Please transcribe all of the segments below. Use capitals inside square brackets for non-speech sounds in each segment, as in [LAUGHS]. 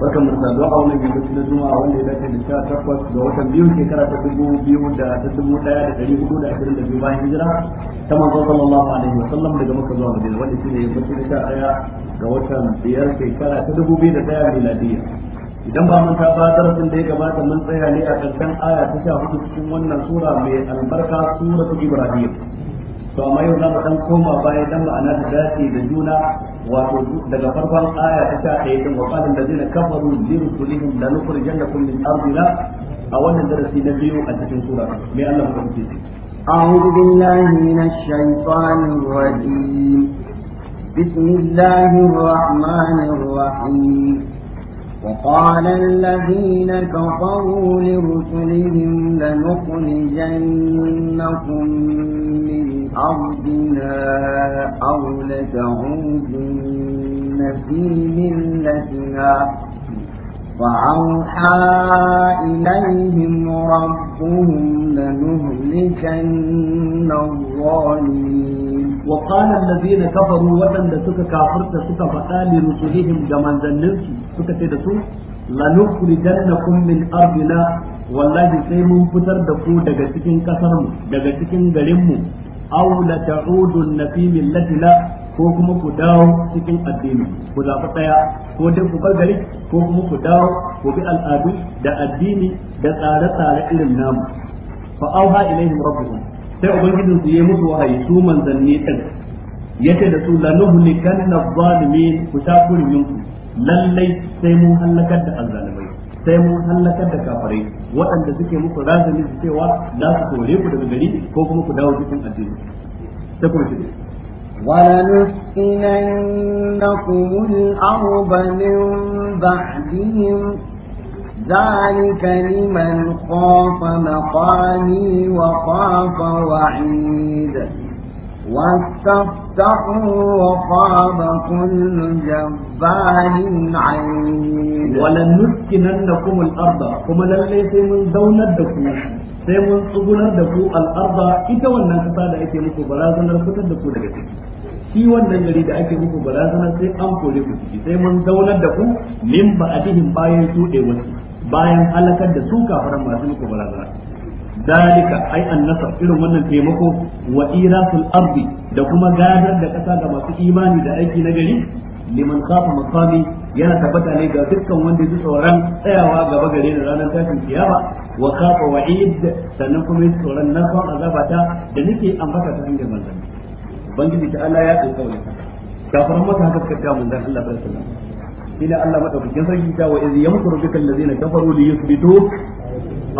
barka mu da zuwa wannan yammaci na juma'a wanda ya dace da sha takwas ga watan biyu shekara ta dubu biyu da ta dubu daya da dari hudu da ashirin da biyu bayan hijira ta manzo sallallahu alaihi wa sallam daga makka zuwa madina wanda shine yammaci na sha daya ga watan biyar shekara ta dubu biyu da daya miladiyya idan ba mun ta ba darasin da ya gabata mun tsaya ne a ƙarshen aya ta sha hudu cikin wannan sura mai albarka suratul ibrahim to amma yau za mu koma baya dan ma'ana da dace da juna wato daga farkon aya ta 11 din wa qalan ladina kafaru li rusulihim la nukhrijannakum min ardina a wannan darasi na biyu a cikin sura me Allah ya بسم الله الرحمن الرحيم وقال الذين كفروا لرسلهم لنخرجنكم من أرضنا أو لتعودن في ملتنا فأوحى إليهم ربهم لنهلكن الظالمين وقال الذين كفروا وطن لسك كافرت سك فقال لرسلهم جمان ذنبك سك تدسو لنخرجنكم من أرضنا والله sai mun fitar da ku daga cikin kasarmu daga cikin garinmu aw la ta'udunna fi millatina ko kuma ku dawo cikin addini ku zaɓi ɗaya ko dai ku bar gari ko kuma ku dawo ku bi al'adu da addini da tsare-tsare irin namu fa auha ilaihim rabbuhum sai ubangijin su ya musu wahayi su manzanni din yace da su lanuhlikanna adh-dhalimin ku sha kurmin ku lallai sai mun halakar da azzalimin sai mun hallakar da kafirai waɗanda suke muku razali su cewa za su kore ku daga gari ko kuma ku dawo cikin addini ta kuma shi ولنسكننكم الأرض من بعدهم ذلك لمن خاف مقامي وخاف وعيد واستفتحوا وخاب كل جبار عنيد ولنسكننكم الأرض كما للي سيمن دونة دكوش sai mun tsugunar da ku al'arba ita wannan kasa da ake muku barazanar fitar da ku daga ciki shi wannan gari da ake muku barazanar sai an kore ku ciki sai mun zaunar da ku min ba'dihim bayan shuɗe wasu bayan halakar da su kafaran masu muku barazanar dalika ai annasar irin wannan taimako wa irasul ardi da kuma gadar da kasa ga masu imani da aiki na gari liman khafa maqami yana tabbata ne ga dukkan wanda ya tsoron tsayawa gaba gare da ranar tashin kiyama wa khafa wa'id sannan kuma ya tsoron nasan azabata da nake ambata ta hanyar manzon ubangiji ta Allah ya tsoka wannan kafaran maka haka suka ta da Allah sallallahu alaihi wasallam ila Allah madaukakin sarki ta wa iz yamkuru bika allazina kafaru li yuthbituk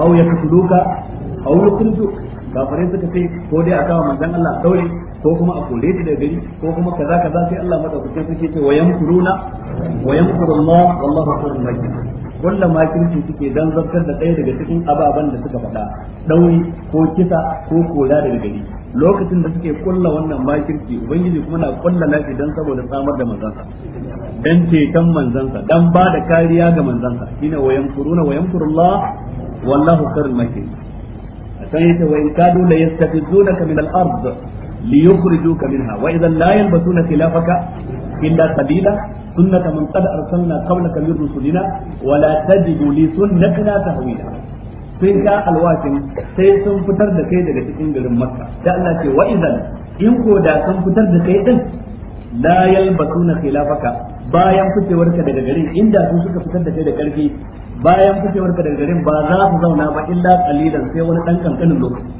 aw yaqtuluka a wurin duk kafirai suka sai ko dai a kawo manzon Allah daure ko kuma a kore shi gari ko kuma kaza kaza sai Allah madaukakin suke ce wayan kuruna wayan kurullah wallahu khairul makin kullum makirci suke dan zartar da ɗaya daga cikin ababen da suka faɗa ɗauri, ko kisa ko kora daga gari lokacin da suke kulla wannan makirci ubangiji kuma na kulla lafi dan saboda samar da manzansa dan ceton manzansa dan ba da kariya ga manzansa shine wayan kuruna wayan kurulla wallahu khairul makin sai yace wa in kadu la yastafizunaka min al-ard minha wa la yalbasuna khilafaka illa sunnata man qad arsalna qablaka min rusulina wa la tajidu li sunnatina tahwila sun ka sai sun fitar da kai daga cikin garin makka da Allah ce wa in ko da sun fitar da kai din la yalbasuna khilafaka bayan fitewar daga garin inda su suka fitar da da karfi bayan fitowar ka daga garin ba za su zauna ba illa qalilan sai wani dan kankanin lokaci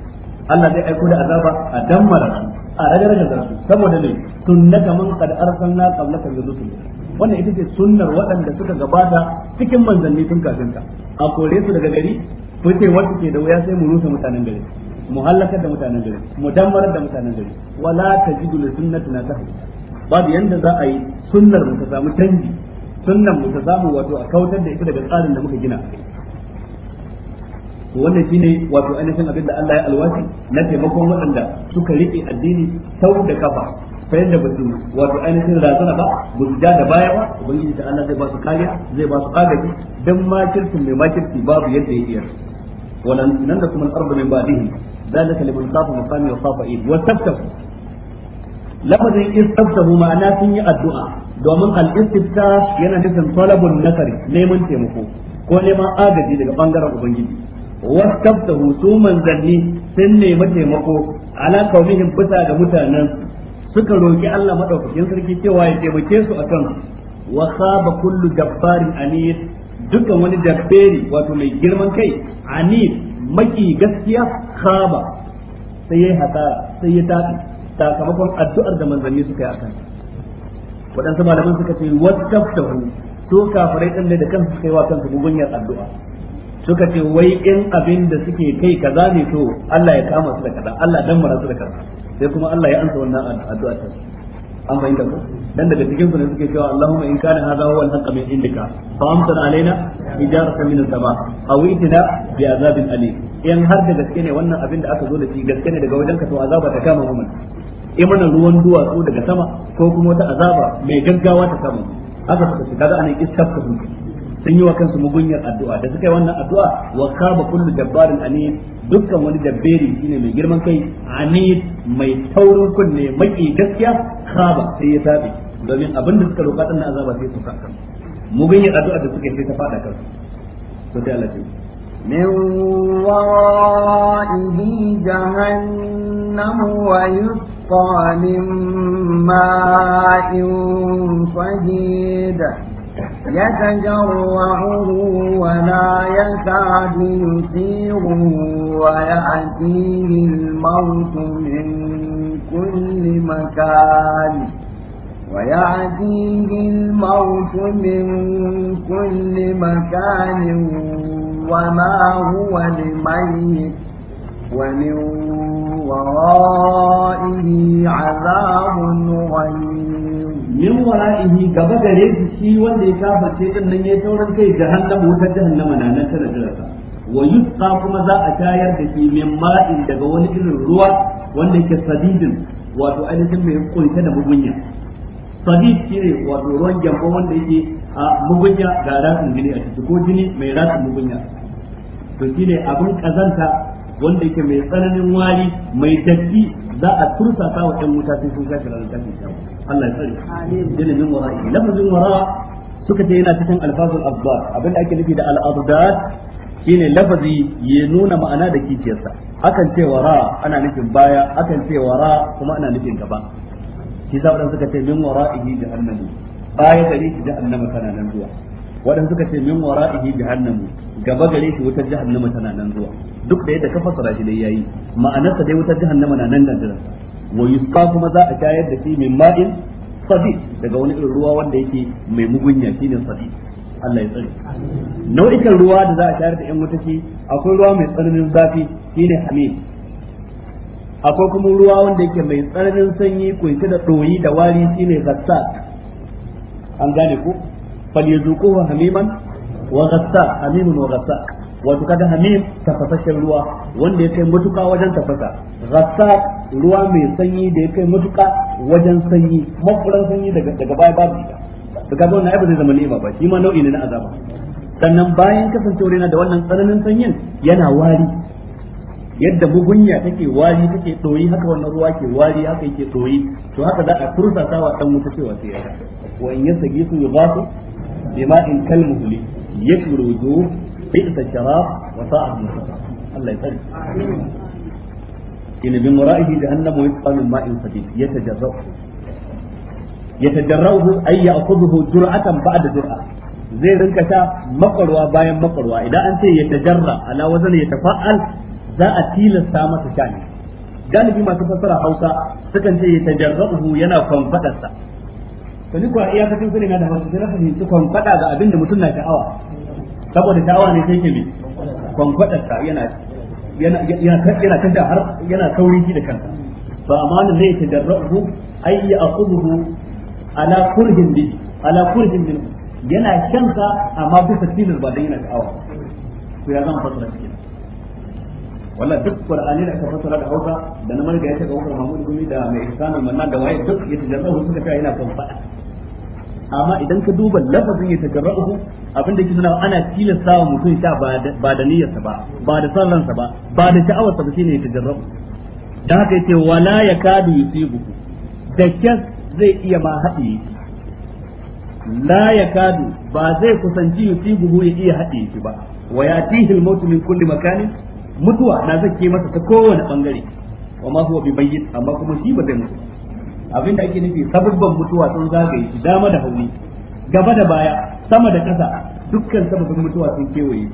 Allah zai aiko da azaba a dammara a ragaraga da su saboda ne sunnaka mun kad arsalna qablaka bi rusul wannan ita ce sunnar waɗanda suka gabata cikin manzanni tun kafin ka a kore su daga gari fitewar ke da wuya sai mu rusa mutanen gari mu halaka da mutanen gari mu dammara da mutanen gari wala tajidu sunnatuna sunnatina ba babu yanda za a yi sunnar mu ta samu canji sunnan mu ta samu wato a kautar da ita daga tsarin da muka gina to wannan shine wato ainihin abin da Allah ya alwashi na taimakon waɗanda suka riƙe addini sau da kafa fa yadda ba su wato ainihin razana ba ba su ja da baya ba ubangiji da Allah zai ba su kariya zai ba su agaji dan makircin mai makirci babu yadda ya iya wannan nan da kuma arba min ba'dihi ذلك لمن خاف مقامي وخاف عيد واستفتحوا لفظ ma'ana sun yi addu'a. domin al-istifta yana nufin talabun nasari neman taimako ko neman agaji daga bangaren ubangiji wastabtahu su manzanni sun nemi taimako ala kaumihim bisa da mutanen suka roki Allah madaukakin sarki cewa ya taimake su akan wa khaba kullu jabbarin anid dukkan wani jabberi wato mai girman kai anid maki gaskiya khaba sai ya hasara sai ya tafi sakamakon addu'ar da manzanni suka yi akan waɗansu malamin suka ce wani su kafirai ɗin da kansu suka yi wa kansu mugunyar addu'a suka ce wai in abin da suke kai kaza ne to Allah ya kama su da kaza Allah dan mara su da kaza sai kuma Allah ya ansa wannan addu'a ta an bayyana ko dan daga cikin su ne suke cewa Allahumma in kana hadha huwa al-haqq min indika fa amtir alaina hijaratan min as-sama' aw itina bi azabin alim in har da gaske ne wannan abin da aka zo da shi gaske ne daga wajenka to azaba ta kama mu imana ruwan duwatsu daga sama ko kuma wata azaba mai gaggawa ta sama haka suka ce kaga anan iskar ka sun yi wa kansu mugunyar addu'a da suka yi wannan addu'a wa kaba kullu jabbarin anid dukkan wani dabberi shine mai girman kai anid mai taurin kunne mai gaskiya kaba sai ya tabe domin abin da suka roƙa din azaba sai su saka mugunyar addu'a da suka yi sai ta fada kansu to sai Allah ya من ورائه جهنم ويسقى من ماء صديد يتجرعه ولا يكاد يسيره ويأتيه الموت من كل مكان ويأتيه الموت من كل مكان وما هو لميت ومن ورائه عذاب غليظ min wara'ihi gaba gare shi shi wanda ya kafarce din nan ya taurin kai jahannama wutar jahannama na nan tana jirarsa wa yusqa kuma za a tayar da shi min daga wani irin ruwa wanda yake sadidin wato ainihin mai kunta da mugunya sadiq shine wato ruwan gyambo wanda yake a mugunya ga ratsin jini a ciki ko jini mai ratsin mugunya to shine abun kazanta wanda yake mai tsananin wari mai datti za a tursa ta wa ɗan wuta sai sun shafi ranar tafi Allah ya tsare ilimin wara'i lafazin wara suka ce yana cikin alfazul abdar abin da ake nufi da al shine lafazi ya nuna ma'ana da kiciyarsa akan ce wara ana nufin baya akan ce wara kuma ana nufin gaba shi sa wadanda suka ce min wara'ihi jahannamu baya gare shi jahannama tana nan zuwa wadanda suka ce min wara'ihi jahannamu gaba gare shi wutar jahannama tana nan zuwa duk da yadda ka fassara shi dai yayi ma'anarsa dai wutar jahannama na nan dandana wa yusqa kuma za a shayar da shi min ma'in sadi daga wani irin ruwa wanda yake mai mugunya shine sadi Allah ya tsare nau'ikan ruwa da za a shayar da yan wuta shi akwai ruwa mai tsananin zafi shine hamim akwai kuma ruwa wanda yake mai tsananin sanyi kunshe da ɗoyi da wari shine ghassat an gane ku falyazuquhu hamiman wa ghassat hamimun wa ghassat wato kada hamim tafasashen ruwa wanda ya kai matuka wajen tafasa ghassat ruwa mai sanyi da ya kai matuka wajen sanyi mafuran sanyi daga daga baya babu ita to kaga wannan abu zai zama ni'ima ba shi ma nau'i ne na azaba sannan bayan kasancewar yana da wannan tsananin sanyin yana wari yadda bugunya take wari take tsoyi haka wannan ruwa ke wari haka yake tsoyi to haka za a tursa sawa wa dan wuta cewa sai ya wa in yasagi su yughasu bima in kal muhli yakuru wudu bi'sa sharab wa sa'at musaffa Allah ya tsare in bin wara'ihi jahannamu yasqa min ma'in sadid yatajarrahu yatajarrahu ay ya'khudhu jur'atan ba'da jur'a zai rinka sha makarwa bayan makarwa idan an ce yatajarra ala wazan yatafa'al za a tilasta masa shani galibi masu fassara Hausa sukan ce ta tajarrabuhu yana kwamfadar sa to ni kuwa iyakacin sani na da Hausa sai na fahimci kwamfada ga abin da mutum na sha'awa saboda sha'awa ne sai ke bi kwamfadar sa yana yana yana kashe har yana kauri shi da kansa ba amma ne zai tajarrabuhu ay ya'khudhu ala kurhin bi, ala kurhin minhu yana shansa amma bisa tilas ba dan yana sha'awa to ya zama fassara cikin wannan duk qur'ani da aka fassara da Hausa da na marga ya saka Umar Mahmud Gumi da mai ihsanul manna da waye duk ya tajarrahu suka kai yana kan fada amma idan ka duba lafazin ya tajarrahu abinda ke nuna ana tilastawa mutum sha ba da niyyarsa ba ba da san ransa ba ba da sha'awarsa ba shine ya tajarrahu dan haka yace wala yakadu yusibu da kyas zai iya ma haɗe la yakadu ba zai kusanci yusibu ya iya haɗe shi ba wa yatihil mautu min kulli makanin mutuwa na ke masa ta kowane bangare wa ma huwa bibayyin amma kuma shi ba zai mutu abinda ake nufi sababban mutuwa sun zagaye shi dama da hauni gaba da baya sama da ƙasa dukkan sababin mutuwa sun kewaye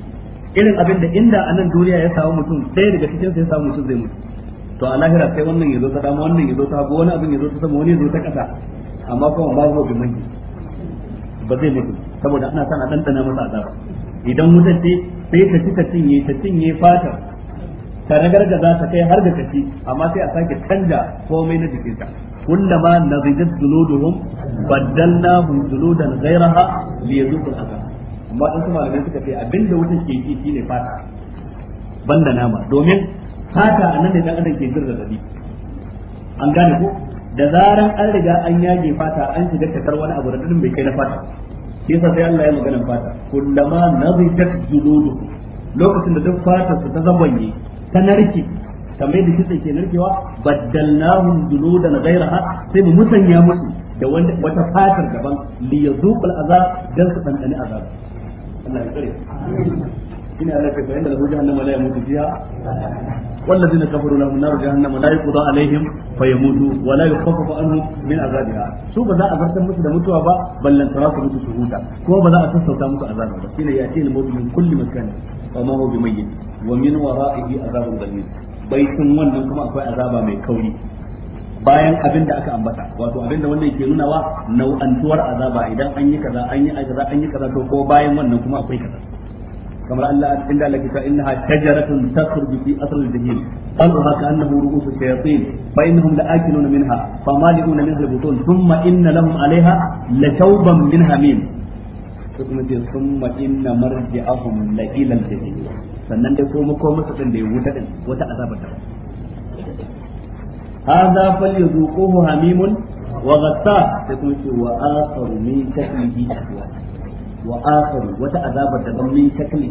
irin abinda inda a nan duniya ya samu mutum ɗaya daga cikin ya samu mutum zai mutu to a lahira sai wannan ya zo ta dama wannan ya zo ta hagu wani abin ya zo ta sama wani ya zo ta ƙasa amma kuma ma huwa bibayyin ba zai mutu saboda ana son a ɗanɗana masa a idan mutum sai ta ci ta cinye ta cinye fatar ta za ta kai har ga kaci amma sai a sake canja komai na jikinta kullama nazidat badalna hum juludan ghayraha yuzul azab amma dan kuma malamai suka ce abinda wutan ke ci shine fata banda nama domin fata anan ne dan adam ke jin zazzabi an gane ko da zaran an riga an yage fata an shiga takar wani abu da dun bai kai na fata shi yasa sai Allah ya magana fata kullama nazidat juluduhum lokacin da duk fatar su ta zabanye ta narke kamar yadda kitse ke narkewa baddalnahum juludan ghayraha sai mu musanya musu da wata fatar daban li yazuqul azab dan su dandani azab Allah ya shine Allah ya bayyana lahu jahannama la yamutu والذين كفروا لهم نار جهنم لا يقضى عليهم فيموتوا ولا يخفف عنهم من عذابها بذا با بل لن شهودا كو بذا يأتي الموت من كل مكان وما هو بميت ومن ورائه غليظ bayan abin da aka ambata wato abin da wannan ke nunawa nau'antuwar azaba idan an yi kaza an yi kaza an yi kaza to ko bayan wannan kuma akwai kaza kamar Allah inda Allah kita innaha shajaratun takhruju fi asl al-jahim qalbuha ka'annahu ru'us shayatin fa innahum la'akiluna minha famali'una minha al-butun thumma inna lahum 'alayha lashawban min hamim to ce sannan dai ko mako masa da ya wuta din wata azaba ta hadha falyuzuquhu hamimun wa ghassaq sai kuma ce wa akharu min kasbihi aswad wa akhar wata azabar daban min takli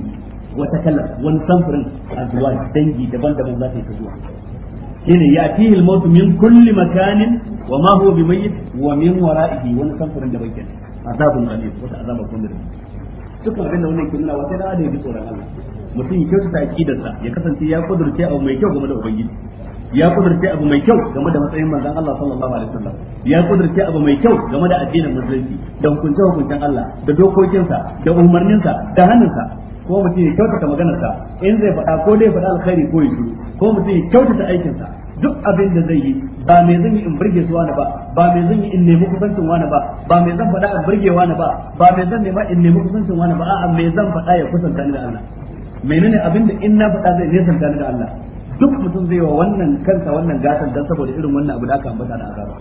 wata kala wani samfurin azwaj dangi daban-daban za ta yi zuwa shine yatihi al-maut min kulli makanin wa ma huwa wa min wara'ihi wani samfurin daban kenan azabun alim wata azabar kuma dukkan abin da wannan ke nuna wata da ya tsoron Allah mutum ya kyautata aqidarsa ya kasance ya kudurce abu mai kyau game da ubangiji ya kudurce abu mai kyau game da matsayin manzon Allah sallallahu alaihi wasallam ya kudurce abu mai kyau game da addinin musulunci da hukuncin-hukuncin Allah da dokokinsa da umarninsa da hannunsa ko mutum ya kyautata maganarsa in zai faɗa ko dai faɗa alkhairi ko ya shiru ko mutum ya kyautata aikinsa duk abin da zai yi ba mai zan yi in burge su wani ba ba mai zan yi in nemi kusancin wani ba ba mai zan faɗa in burge wani ba ba mai zan nema in nemi kusancin wani ba a'a mai zan faɗa ya kusanta ni da Allah menene abin da in na faɗa zai nesanta ni da Allah duk mutum zai wa wannan kansa wannan gatan dan saboda irin wannan abu da aka ambata da azaba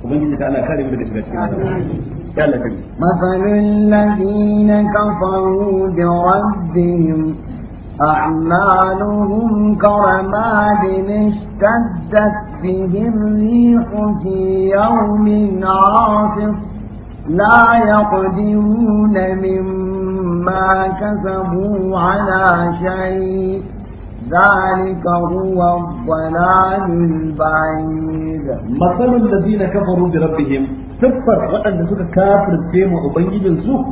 ubangiji ta Allah kare mu daga shiga cikin ya Allah kare mafalul ladina kafaru bi rabbihim أعمالهم كرماد اشتدت به الريح في يوم عاصف لا يقدرون مما كسبوا على شيء ذلك هو الضلال البعيد مثل الذين كفروا بربهم صفر وأن سك كافر سيم وبنجد سوء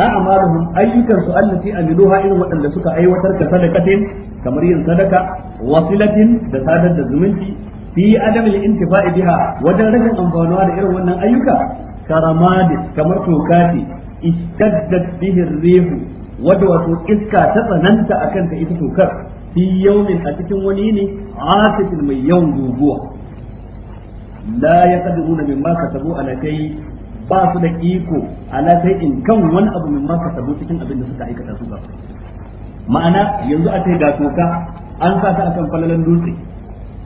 أعمالهم أيك سؤال التي أملوها إن وأن سك أي وتر كصدقة كمرير صدقة وصلة تسادة الزمنتي في عدم الانتفاع بها وجرد أنفانها لإرو أن أيك كرماد كمر توكاتي اشتدت به الريح ودوة إسكا تتننت أكنت إذا توكر fi yawmin a cikin wani ne asifin mai yawan guguwa la min mimma kasabu ala kai ba su da iko ala kai in kan wani abu maka sabo cikin abin da suka aikata su ba ma'ana yanzu a ce ga toka an sa ta akan falalan dutse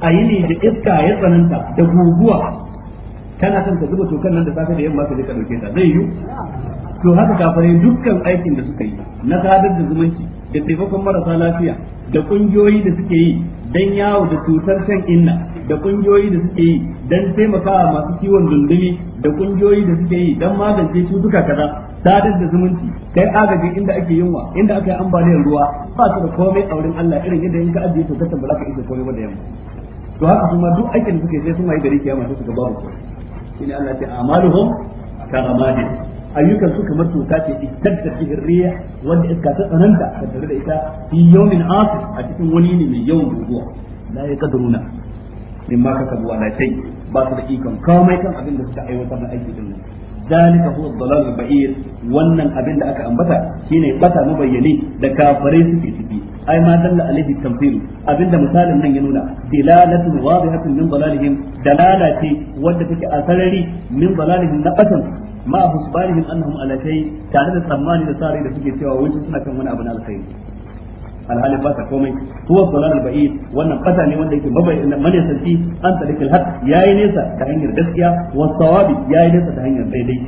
a yi ne da iska ya tsananta da guguwa kana son ta zuba tokan nan da safe da yamma ka je ka dauke ta zai yi to haka kafare dukkan aikin da suka yi na sadar da zumunci da taimakon marasa lafiya da kungiyoyi da suke yi dan yawo da cutar shan inna da kungiyoyi da suke yi dan taimakawa masu ciwon dundumi da kungiyoyi da suke yi dan magance cutuka kaza sadar da zumunci kai agaji inda ake yunwa inda aka yi ambaliyar ruwa ba su da komai a wurin Allah irin yadda in ka ajiye to kasan ba za ka isa komai ba da yamma to haka kuma duk aikin da suke sai sun yi gari kiyama sai su ga babu shi ne Allah ya ce amaluhum karamadin ayyukan su kamar tuka ce istadda bihir riyah wanda iska ta tsananta ta tare da ita fi yawmin asif a cikin wani ne mai yawan guguwa la ma mimma kasabu na shay ba su da ikon komai kan abin da suka aiwatar na aiki din ذلك هو الضلال البعير wannan abin da aka ambata shine bata mabayyane da kafare suke ciki ai ma dalla alaihi tamthil abinda misalin nan ya nuna dilalatu wadihatun min dalalihim dalala ce wanda take a sarari min dalalihim na batan ma husbarihim annahum alakai tare da tsammani da sare da suke cewa wani suna kan wani abu na alkhairi alhalin ba ta komai huwa dalal ba'id wannan fata ne wanda yake mabayin manisanci an tarikil haq yayi nesa da hanyar gaskiya wa sawabi yayi nesa da hanyar daidai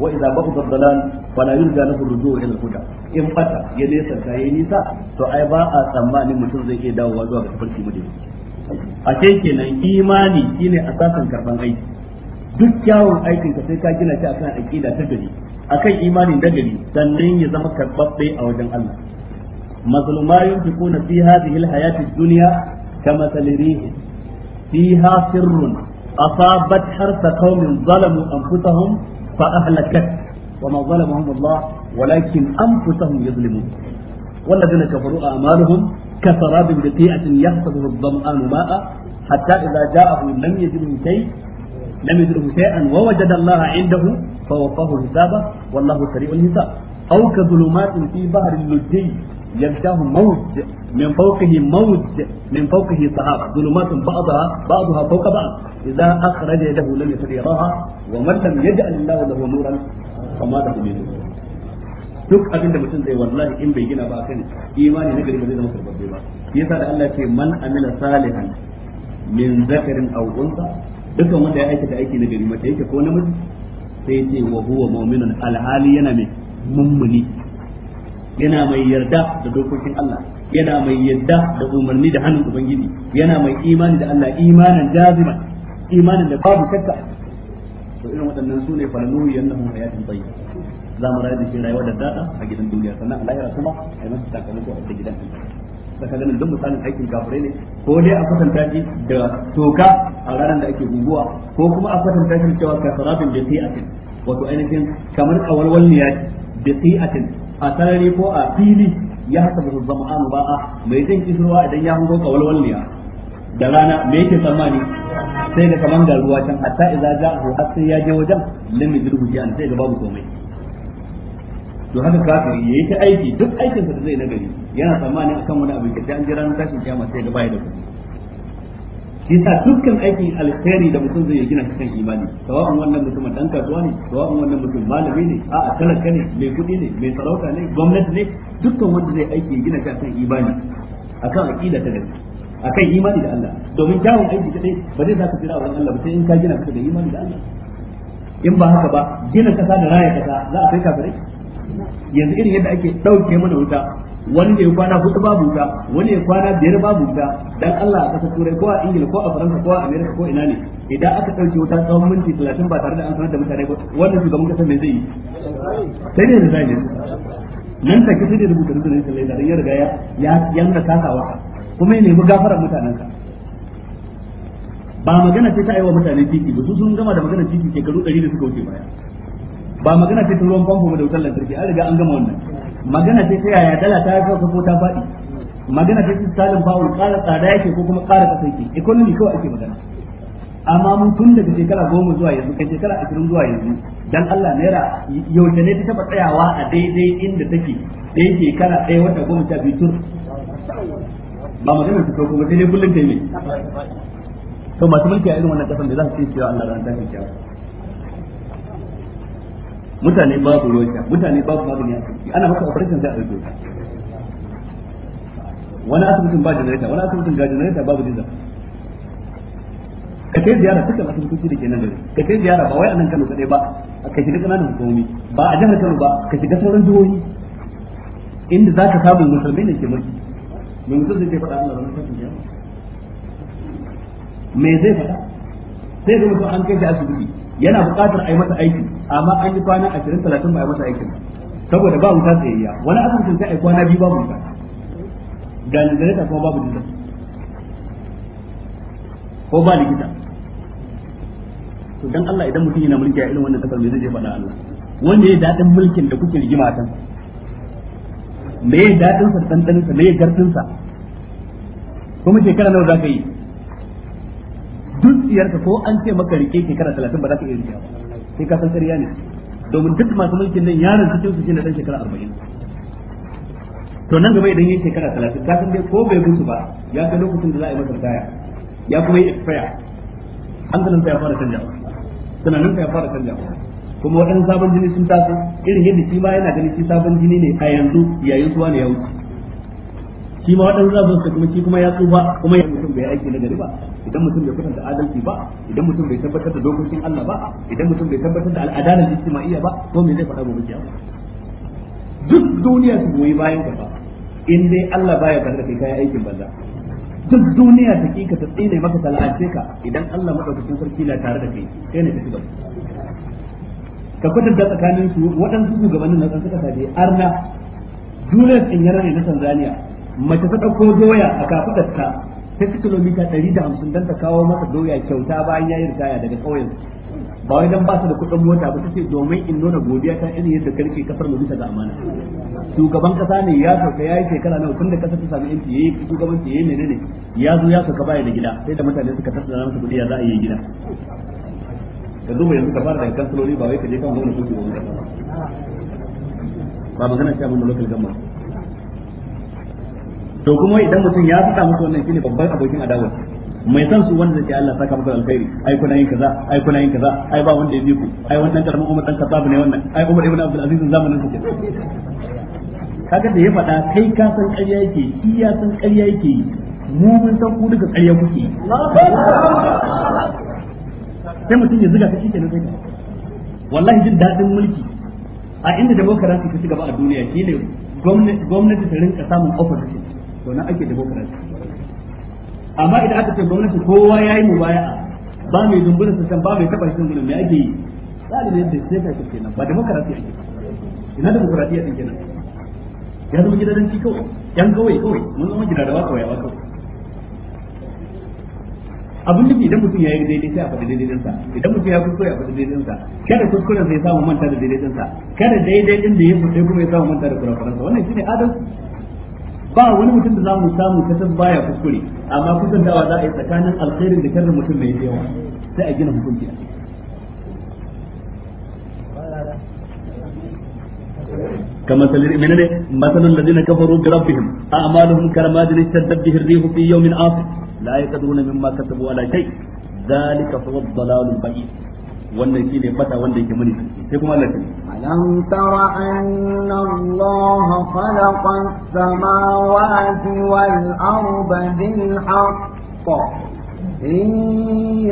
wa idza baqa dalal fala yurja lahu rujuu ila al-huda in fata ya nesa ta yayi nisa to ai ba a tsammanin mutum zai iya dawowa zuwa ga tafarki mu a kenan imani shine asasin karban aiki duk kyawun aikin ka sai ka gina shi akan aqida ta A akan imanin da gari sannan ya zama karbabbe a wajen Allah masalu ma yunfiquna fi hadhihi alhayati ad-dunya kama talirihi fiha sirrun asabat harsa qaumin zalamu anfusahum fa ahlakat wa ma zalamuhum Allah walakin anfusahum yuzlimun والذين كفروا أعمالهم كسراب بقيعة يحسبه الظمآن ماء حتى إذا جاءه لم يجده شيء lam yudrihu shay'an wa wajada Allah indahu fa wafahu hisaba wallahu sari'ul hisab aw ka dhulumatin fi bahri al-lujji يغشاه موج من فوقه موج من فوقه سحاب ظلمات بعضها بعضها فوق بعض إذا أخرج يده لم يراها ومن لم يجعل الله له نورا فما له من نور duk abinda mutum zai wallahi in bai gina ba kan imani na gari ba zai zama karbabbe ba yasa da Allah ce man amila salihan min zakarin aw unsa dukkan wanda ya aikata aiki na gari mace yake ko namiji sai ce wa huwa mu'minun alhali yana mai mummuni yana mai yarda da dokokin Allah yana mai yarda da umarni da hannun ubangiji yana mai imani da Allah imanan jaziman imanin da babu shakka to irin waɗannan su ne falalu yannahum hayatun tayyib za mu rayu da shi rayuwa da dada a gidan duniya sannan a lahira kuma a yi masa sakamako a gidan Allah tsakanin duk misalin aikin kafirai ne ko dai a kwatanta shi da toka a ranar da ake guguwa ko kuma a kwatanta shi cewa kasarabin da si'atin wato ainihin kamar a kawalwalniya da si'atin a sarari ko a fili ya haka ba zama'anu ba a mai zan kisurwa idan ya hango kawalwalniya da rana me yake tsammani sai da kamar da ruwa can hatta idza ja'ahu har sai ya je wajen lam jirgin shay'an sai da babu komai to haka kafiri yi ta aiki duk aikin sa da zai nagari yana tsammanin akan wani abu da an jira na tashin kiyama sai ga bai da kuɗi shi sa dukkan aikin alkhairi da mutum zai gina kan imani sawa'un wannan mutum dan kasuwa ne sawa'un wannan mutum malami ne a'a talaka ne mai kuɗi ne mai sarauta ne gwamnati ne dukkan wanda zai aiki gina kan imani akan aqida ta gaske akan imani da Allah domin kyawun aiki kadai ba zai zaka jira wannan Allah ba sai in ka gina ka da imani da Allah in ba haka ba gina kasa da raya kasa za a kai kafirai yanzu irin yadda ake ɗauke mana wuta wani ya kwana hudu babu wuta wani ya kwana biyar babu wuta dan Allah a kasar turai ko a ingila ko a faransa ko a Amerika ko ina ne idan aka ɗauke wuta tsawon minti talatin ba tare da an sanar da mutane ba wannan shugaban kasar mai zai yi sai ne da zai yi. nan ta sai da rubuta rubuta ne sallai da ya riga ya yanka kasawa kuma ya nemi gafarar ka. ba magana ce ta aiwa mutane titi ba su sun gama da magana titi shekaru 100 da suka wuce baya ba magana ce ta ruwan famfo da wutar lantarki an riga an gama wannan magana ce ta yaya dala ta sauka ko ta faɗi magana ce ta salin bawul ƙara tsada yake ko kuma ƙara ƙasa yake economy kawai ake magana amma mun tun daga shekara goma zuwa yanzu kai shekara ashirin zuwa yanzu dan Allah naira yaushe ne ta taɓa tsayawa a daidai inda take da yake kala ɗaya wata goma sha biyu tur ba magana ta sauko kuma sai dai kullum ta yi to masu mulki a irin wannan kasan da za su ce cewa Allah ran ta fi kyau mutane babu ruwan sha mutane babu magani a asibiti ana maka operation sai a ɗauke wani asibitin ba janareta wani asibitin ga janareta babu dizal ka kai ziyara cikin asibitoci da ke nan gari ka kai ziyara ba wai a nan Kano kadai ba ka shiga kananan hukumomi ba a jihar Kano ba ka shiga sauran jihohi inda za ka samu musulmai ne ke mulki mai mutum zai faɗa Allah ranar tashin kiyama me zai faɗa sai ga mutum an kai shi asibiti yana buƙatar a yi masa aiki amma an yi kwana ashirin talatin ba a masa aikin saboda ba wuta tsayayya wani asusun sai a kwana biyu babu wuta ga ta kuma babu dinta ko ba likita to dan Allah idan mutum yana mulki a irin wannan kasar me zai faɗa Allah wanda ya dadin mulkin da kuke rigima kan me ya dadin sa da sa me ya gartinsa sa kuma shekara nawa za ka yi duk ko an ce maka rike shekara 30 ba za ka iya rike ba sai ka san ƙarya ne domin duk masu mulkin nan yaron cikin su shine dan shekara 40 to nan gaba idan yayin shekara 30 ka san dai ko bai mutu ba ya ga lokacin da za a yi masa taya ya kuma yi expire an ga nan ya fara canjawa tunanin nan ya fara canjawa kuma waɗannan sabon jini sun taso irin yadda shi ma yana gani shi sabon jini ne a yanzu yayin suwa ne ya wuce shi ma waɗannan zabon kuma shi kuma ya tsufa kuma ya mutum bai aiki na gari ba idan mutum bai kwatanta adalci ba idan mutum bai tabbatar da dokokin Allah ba idan mutum bai tabbatar da al'adalar ijtima'iyya ba to me zai faɗa gobe kiyama duk duniya su goyi bayan ka ba in dai Allah baya tare da kai kai aikin banza duk duniya ta kika ta tsine maka talace ka idan Allah madaukakin sarki na tare da kai kai ne ka shiga ka kwatanta tsakanin su waɗansu shugabannin na tsantsaka tafi arna Julius Inyara ne na Tanzania mace ta ɗauko doya a kafaɗarta ta ci kilomita ɗari da hamsin don ta kawo masa doya kyauta bayan ya yi ritaya daga ƙauyen ba wai don ba su da kuɗin mota ba ce domin in nuna godiya ta irin yadda karfe kasar mu bisa ga amana shugaban kasa ne ya sauka ya yi shekara nawa tun da kasar ta sami yanci yayi shugabanci yayi menene ya zo ya sauka baya da gida sai da mutane suka tattara masa kuɗi ya za a yi gida ka zuba yanzu ka fara daga kansiloli ba wai ka je kan gwamnati ko ba ba magana ce abin da lokal gama to kuma idan mutum ya faɗa musu wannan shine babban abokin adawa mai san su wanda zai Allah saka maka alkhairi ai kuna yin kaza ai kuna yin kaza ai ba wanda ya bi ku ai wannan karamin Umar dan Khattab ne wannan ai Umar ibn Abdul Aziz zamanin sa kaga da ya faɗa kai ka san ƙarya yake shi ya san ƙarya yake mu mun san ku duka ƙarya kuke sai mutum ya zuga kake shi kenan sai wallahi jin dadin mulki a inda demokarasi ta ci gaba a duniya shine gwamnati ta rinka samun opposition to nan ake demokarasi amma idan aka ce gwamnati kowa ya yi mubaya ba mai dumbunan sassan ba mai taba shi me ake yi tsarin yadda sai ka ce kenan ba demokarasi ake ina demokarasi din kenan ya zama gidan kawai yan kawai kawai mun zama gidan da ba kawai ba kawai abin da idan mutum ya yi daidai sai a faɗi sa idan mutum ya kuskure a faɗi sa kada kuskuren sai samu manta da sa kada daidaitin da ya fita kuma ya samu manta da kurakuransa wannan shine adalci ba wani mutum da zamu samu kasan baya kuskure amma kusantawa za a yi tsakanin alkhairin da sharrin mutum mai yawa sai a gina hukunci a كما من مثل الذين كفروا بربهم أعمالهم كرماد اشتدت به الريح في يوم عاصف لا يقدرون مما كسبوا على شيء ذلك هو الضلال البعيد wannan shine bata wanda yake muni sai kuma Allah ya alam tara anna Allah khalaqa samawati wal arda bil haqq إن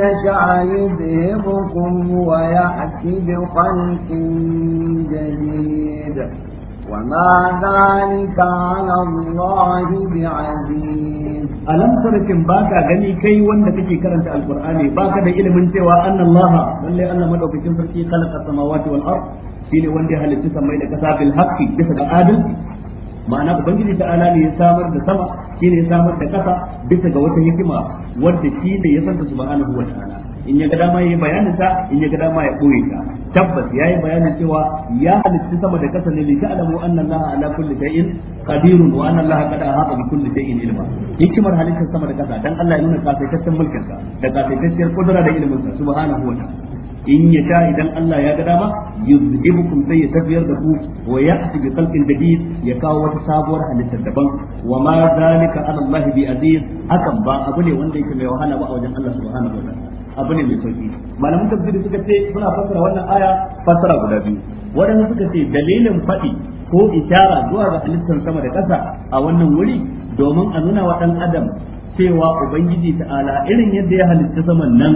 يشأ يذهبكم ويأتي بخلق جديد وما ذلك على الله بعزيز alam sarakin baka gani kai wanda kake karanta alqur'ani baka da ilimin cewa anna allah lalle allah madaukakin sarki khalaqa samawati wal ard shine wanda ya halitta samai da kasa bil haqqi bisa ga adalci ma'ana ubangiji ta'ala ne ya samar da sama shine ya samar da kasa bisa ga wata hikima wanda shi ne ya santa subhanahu wa ta'ala in ya ga dama yayi bayanin ta in ya ga dama ya koyi ta tabbas yayi bayanin cewa ya halitta sama da kasa ne li ta'lamu anna allaha ala kulli shay'in qadirun wa anna allaha qad ahata bi kulli shay'in ilma hikimar halittar sama da kasa dan Allah ya nuna kasaitaccen mulkin sa da kasaitaccen kudura da ilimin sa subhanahu wa ta'ala in ya sha idan Allah ya ga dama yuzhibukum sai ya tafiyar da ku wa ya'ti bi khalqin jadid ya kawo wata sabuwar halitta daban wa ma zalika ala Allah bi aziz hakan ba abu ne wanda yake mai wahala ba a wajen Allah subhanahu wa ta'ala abu ne mai sauki malaman tafsiri suka ce suna fassara wannan aya fassara guda biyu waɗanda suka ce dalilin faɗi ko ishara zuwa ga halittar sama da ƙasa a wannan wuri domin a nuna wa ɗan adam cewa ubangiji ta'ala irin yadda ya halitta saman nan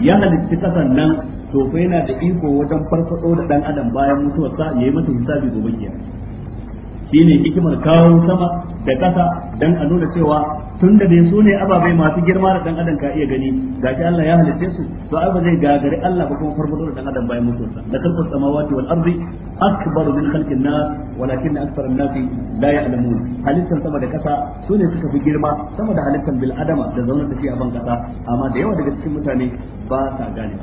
ya halitta ƙasan nan to fa yana da iko wajen farfado da ɗan adam bayan mutuwarsa ya yi mata hisabi gobe Shi shine hikimar kawo sama da ƙasa don a nuna cewa tun da dai su ne ababai masu girma da dan adam ka iya gani gashi Allah ya halitta su to ai ba zai gagari Allah ba kuma farfado da dan adam bayan mutuwarsa da kalfar samawati wal ardi akbar min khalqin nas walakin akthar an-nas la ya'lamun halittar sama da kasa su ne suka fi girma sama da halittar bil adama da zaunar da shi a ban kasa amma da yawa daga cikin mutane ba sa gane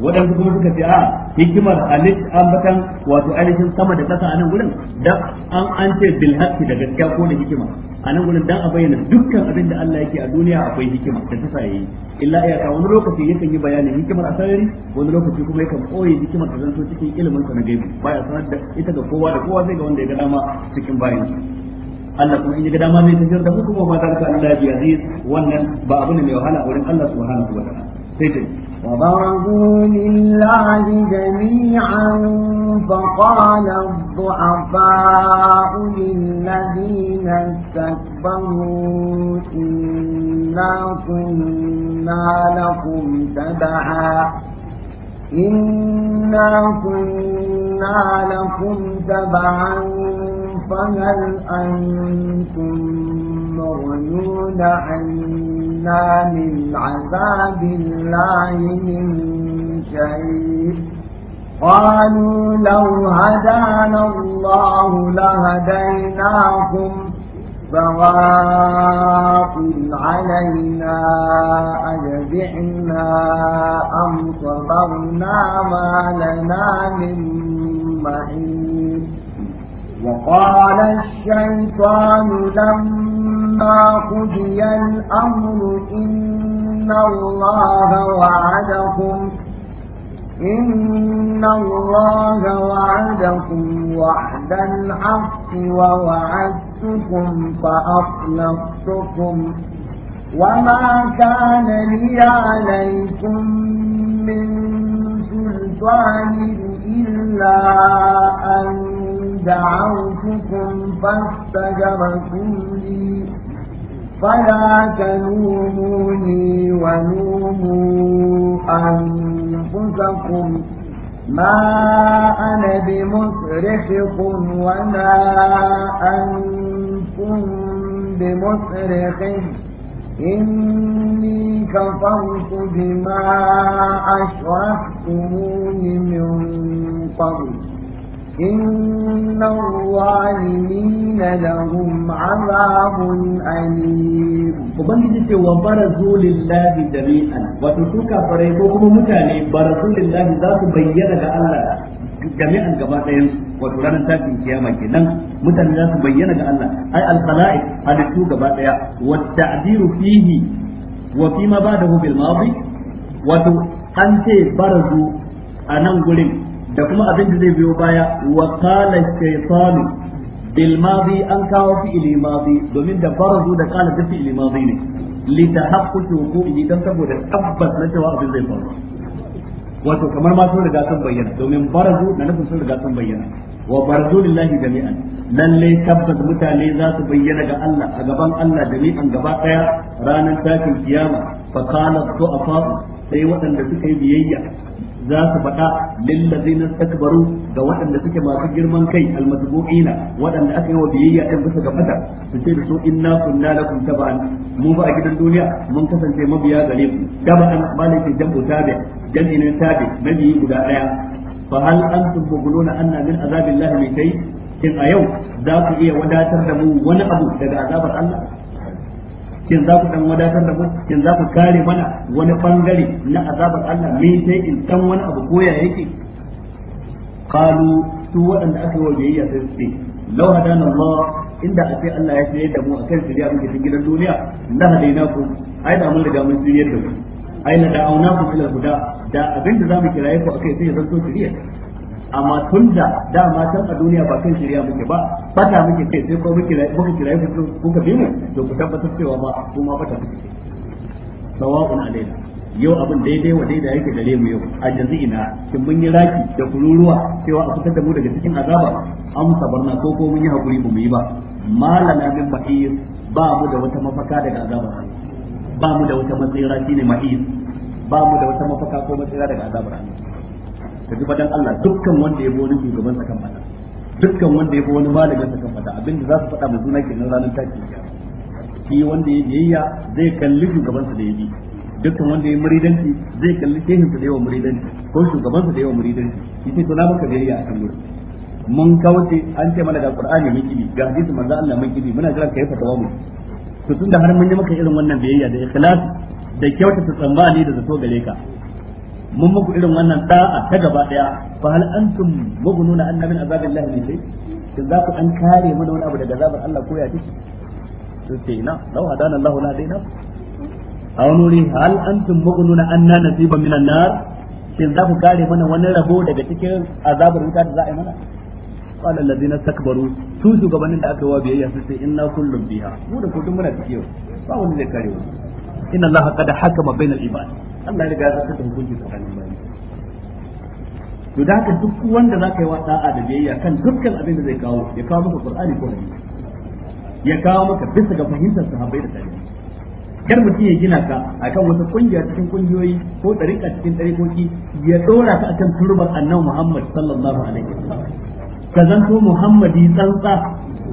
waɗansu kuma suka ce a hikimar alif ambatan wato ainihin sama da ƙasa a nan gurin da an an ce bil haqqi da gaskiya ko da hikima a nan gurin dan a bayyana dukkan abin da Allah yake a duniya akwai hikima da ta yayi illa iyaka wani lokaci yakan yi bayanin hikimar a sarari wani lokaci kuma yakan koyi hikimar da zanto cikin ilimin sa na gaibi baya sanar da ita ga kowa da kowa sai ga wanda ya ga dama cikin bayan Allah kuma in ya ga dama zai tafiyar da hukuma ba ta rika Allah ya aziz wannan ba abin ne mai wahala a wurin Allah subhanahu wa ta'ala sai dai وضربوا لله جميعا فقال الضعفاء للذين استكبروا إنا كنا لكم تبعا إنا كنا لكم تبعا فهل أنتم مغنون عني أَخْرَجْنَا مِنْ عَذَابِ اللَّهِ مِنْ شَيْءٍ قالوا لو هدانا الله لهديناكم سواء علينا أجزعنا أم صبرنا ما لنا من محيط وقال الشيطان لما فلما قضي الأمر إن الله وعدكم إن الله وعدكم وعد الحق ووعدتكم فأخلفتكم وما كان لي عليكم من سلطان إلا أن دعوتكم فاستجبتم لي فلا تلوموني ولوموا أنفسكم ما أنا بمصرخكم وما أنتم بمصرخي إني كفرت بما أشرحتموني من قبل إن الظالمين لهم عذاب أليم wato تي وبرزوا ko kuma mutane فريقكم متاني برزوا لله ذات بيّن الله جميعا كما تيمسوا wato ranar tashin kiyama kenan mutane za su bayyana ga Allah ai al-khalaiq halittu gaba daya wa ta'diru fihi wa fi ma ba'dahu bil wato an ce barazu a nan gurin da kuma abin da zai biyo baya wa qala shaytanu bil madi an kawo fi'ili madi domin da barazu da qala da fi'ili madi ne li tahaqquqi wuqu'i dan saboda tabbas na cewa abin zai faru wato kamar ma sun riga sun bayyana domin barazu na nufin sun riga sun bayyana wa barzu lillahi jami'an lalle tabbas mutane za su bayyana ga Allah a gaban Allah jami'an gaba daya ranar tashin kiyama fa kana du'afa sai waɗanda suka yi biyayya za su faɗa lillazina takbaru ga waɗanda suke masu girman kai almadbu'ina waɗanda aka yi wa biyayya ɗin bisa ga fata su ce da su inna kunna lakum taba'an mu ba a gidan duniya mun kasance mabiya gare ku taba'an malaka jam'u tabi jam'i ne tabi mabiyi guda ɗaya fa hal antum mughuluna anna min azabillahi min shay in a yau za ku iya wadatar da mu wani abu daga azabar Allah shin za ku dan wadatar da mu shin za ku kare mana wani bangare na azabar Allah me sai in dan wani abu koya yake qalu su waɗanda aka yi wa biyayya sai su ce law hadana Allah inda a sai Allah ya shirye da mu akan shirya muke cikin gidan duniya la hadaina ku ai da mun riga mun shirye da ku ai da auna ku ila huda da abinda zamu kiraye ku akai sai ya zanto shirya amma tun da dama can a duniya ba kan shirya muke ba fata muke kai sai ko muke muka kira ku kuka bi mu to ku tabbatar cewa ma ku ma fata muke kai sawa'un alaina yau abin daidai wa daidai yake gare mu yau a yanzu ina kin mun yi raki da kururuwa cewa a fitar da mu daga cikin azaba an sabarna ko ko mun yi hakuri ba mu yi ba malama min mahir ba mu da wata mafaka daga azaba ba mu da wata matsira ne mahir ba mu da wata mafaka ko matsira daga azabar ka ji fadan Allah dukkan wanda ya bi wani shugaban sa kan fada dukkan wanda ya bi wani malamin sa kan fada abinda za su faɗa mu juna kenan ranar tashi shi wanda ya biyayya zai kalli shugaban sa da ya bi dukkan wanda ya muridanci zai kalli shehin sa da yawa muridanci ko shugaban sa da yawa muridanci shi sai to na maka biyayya akan gurin mun kauce an ce mana da qur'ani mun kidi ga hadisi manzo Allah mun kidi muna jira kai fatawa mu to tunda har mun yi maka irin wannan biyayya da ikhlas da kyautata tsammani da zato gare ka mun muku irin wannan da'a ta gaba daya fa hal antum mughnuna anna min azabillahi min shay kin za ku an kare mana wani abu daga azabar Allah ko ya take to ce ina law hadana Allah la daina aw nuri hal antum mughnuna anna min minan nar kin za ku kare mana wani rabo daga cikin azabar wuta da za a yi mana قال الذين استكبروا su shugabannin da aka yi wa biyayya su ce inna kullum biha mu da kudin muna cikiyo ba wani zai kare mu inna haka qad hakama bainal ibad Allah ya riga ya saka hukunci tsakanin bayi to da haka duk wanda za ka yi wa da'a da biyayya kan dukkan abin da zai kawo ya kawo maka qur'ani ko hadisi ya kawo maka bisa ga fahimtar sahabbai da tabi'i kar mutum ya gina ka akan wata kungiya cikin kungiyoyi ko ɗariƙa cikin dariƙoki ya ɗora ka a akan turbar annabi Muhammad sallallahu alaihi wa wasallam ka zan zanto Muhammadi tsantsa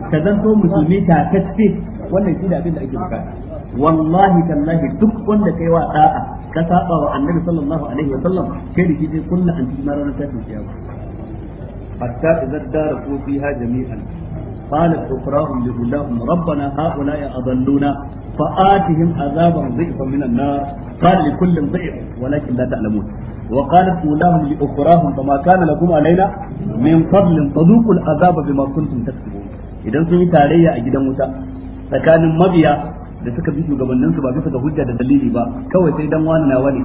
ka zan zanto musulmi ta kace wannan shi da abin da ake bukata wallahi tallahi duk wanda kai wa da'a ka annabi kai da kike kullu an cikin ranar tafi ya ba hatta idan da rafu fi ha tarayya a gidan wuta tsakanin mabiya da suka bi shugabanninsu ba bisa ga hujja da dalili ba kawai sai dan wani nawa ne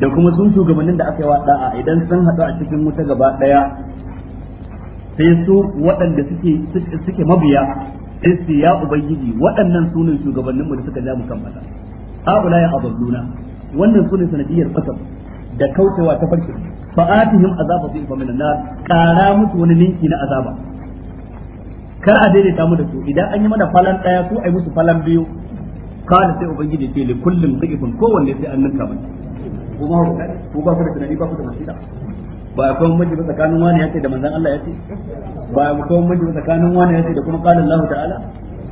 da kuma sun shugabannin da aka yi da'a idan sun haɗu a cikin wuta gaba ɗaya sai su waɗanda suke suke mabiya sai su ya ubangiji waɗannan su ne shugabannin mu da suka ja mu kan mata haula ya abduna wannan su ne sanadiyar kasab da kaucewa ta farki fa atihim azaba fi fa minan nar qara musu wani linki na azaba kar a daidaita mu da su idan an yi mana falan daya ko ai musu falan biyu kana sai ubangiji ce li kullum dhikfun kowanne sai an ninka mai ko hukuma ba ku da tunani ba ku da basira ba akwai miji tsakanin wani yace da manzon Allah yace ba kuma miji tsakanin wani yace da kuma qala Allah ta'ala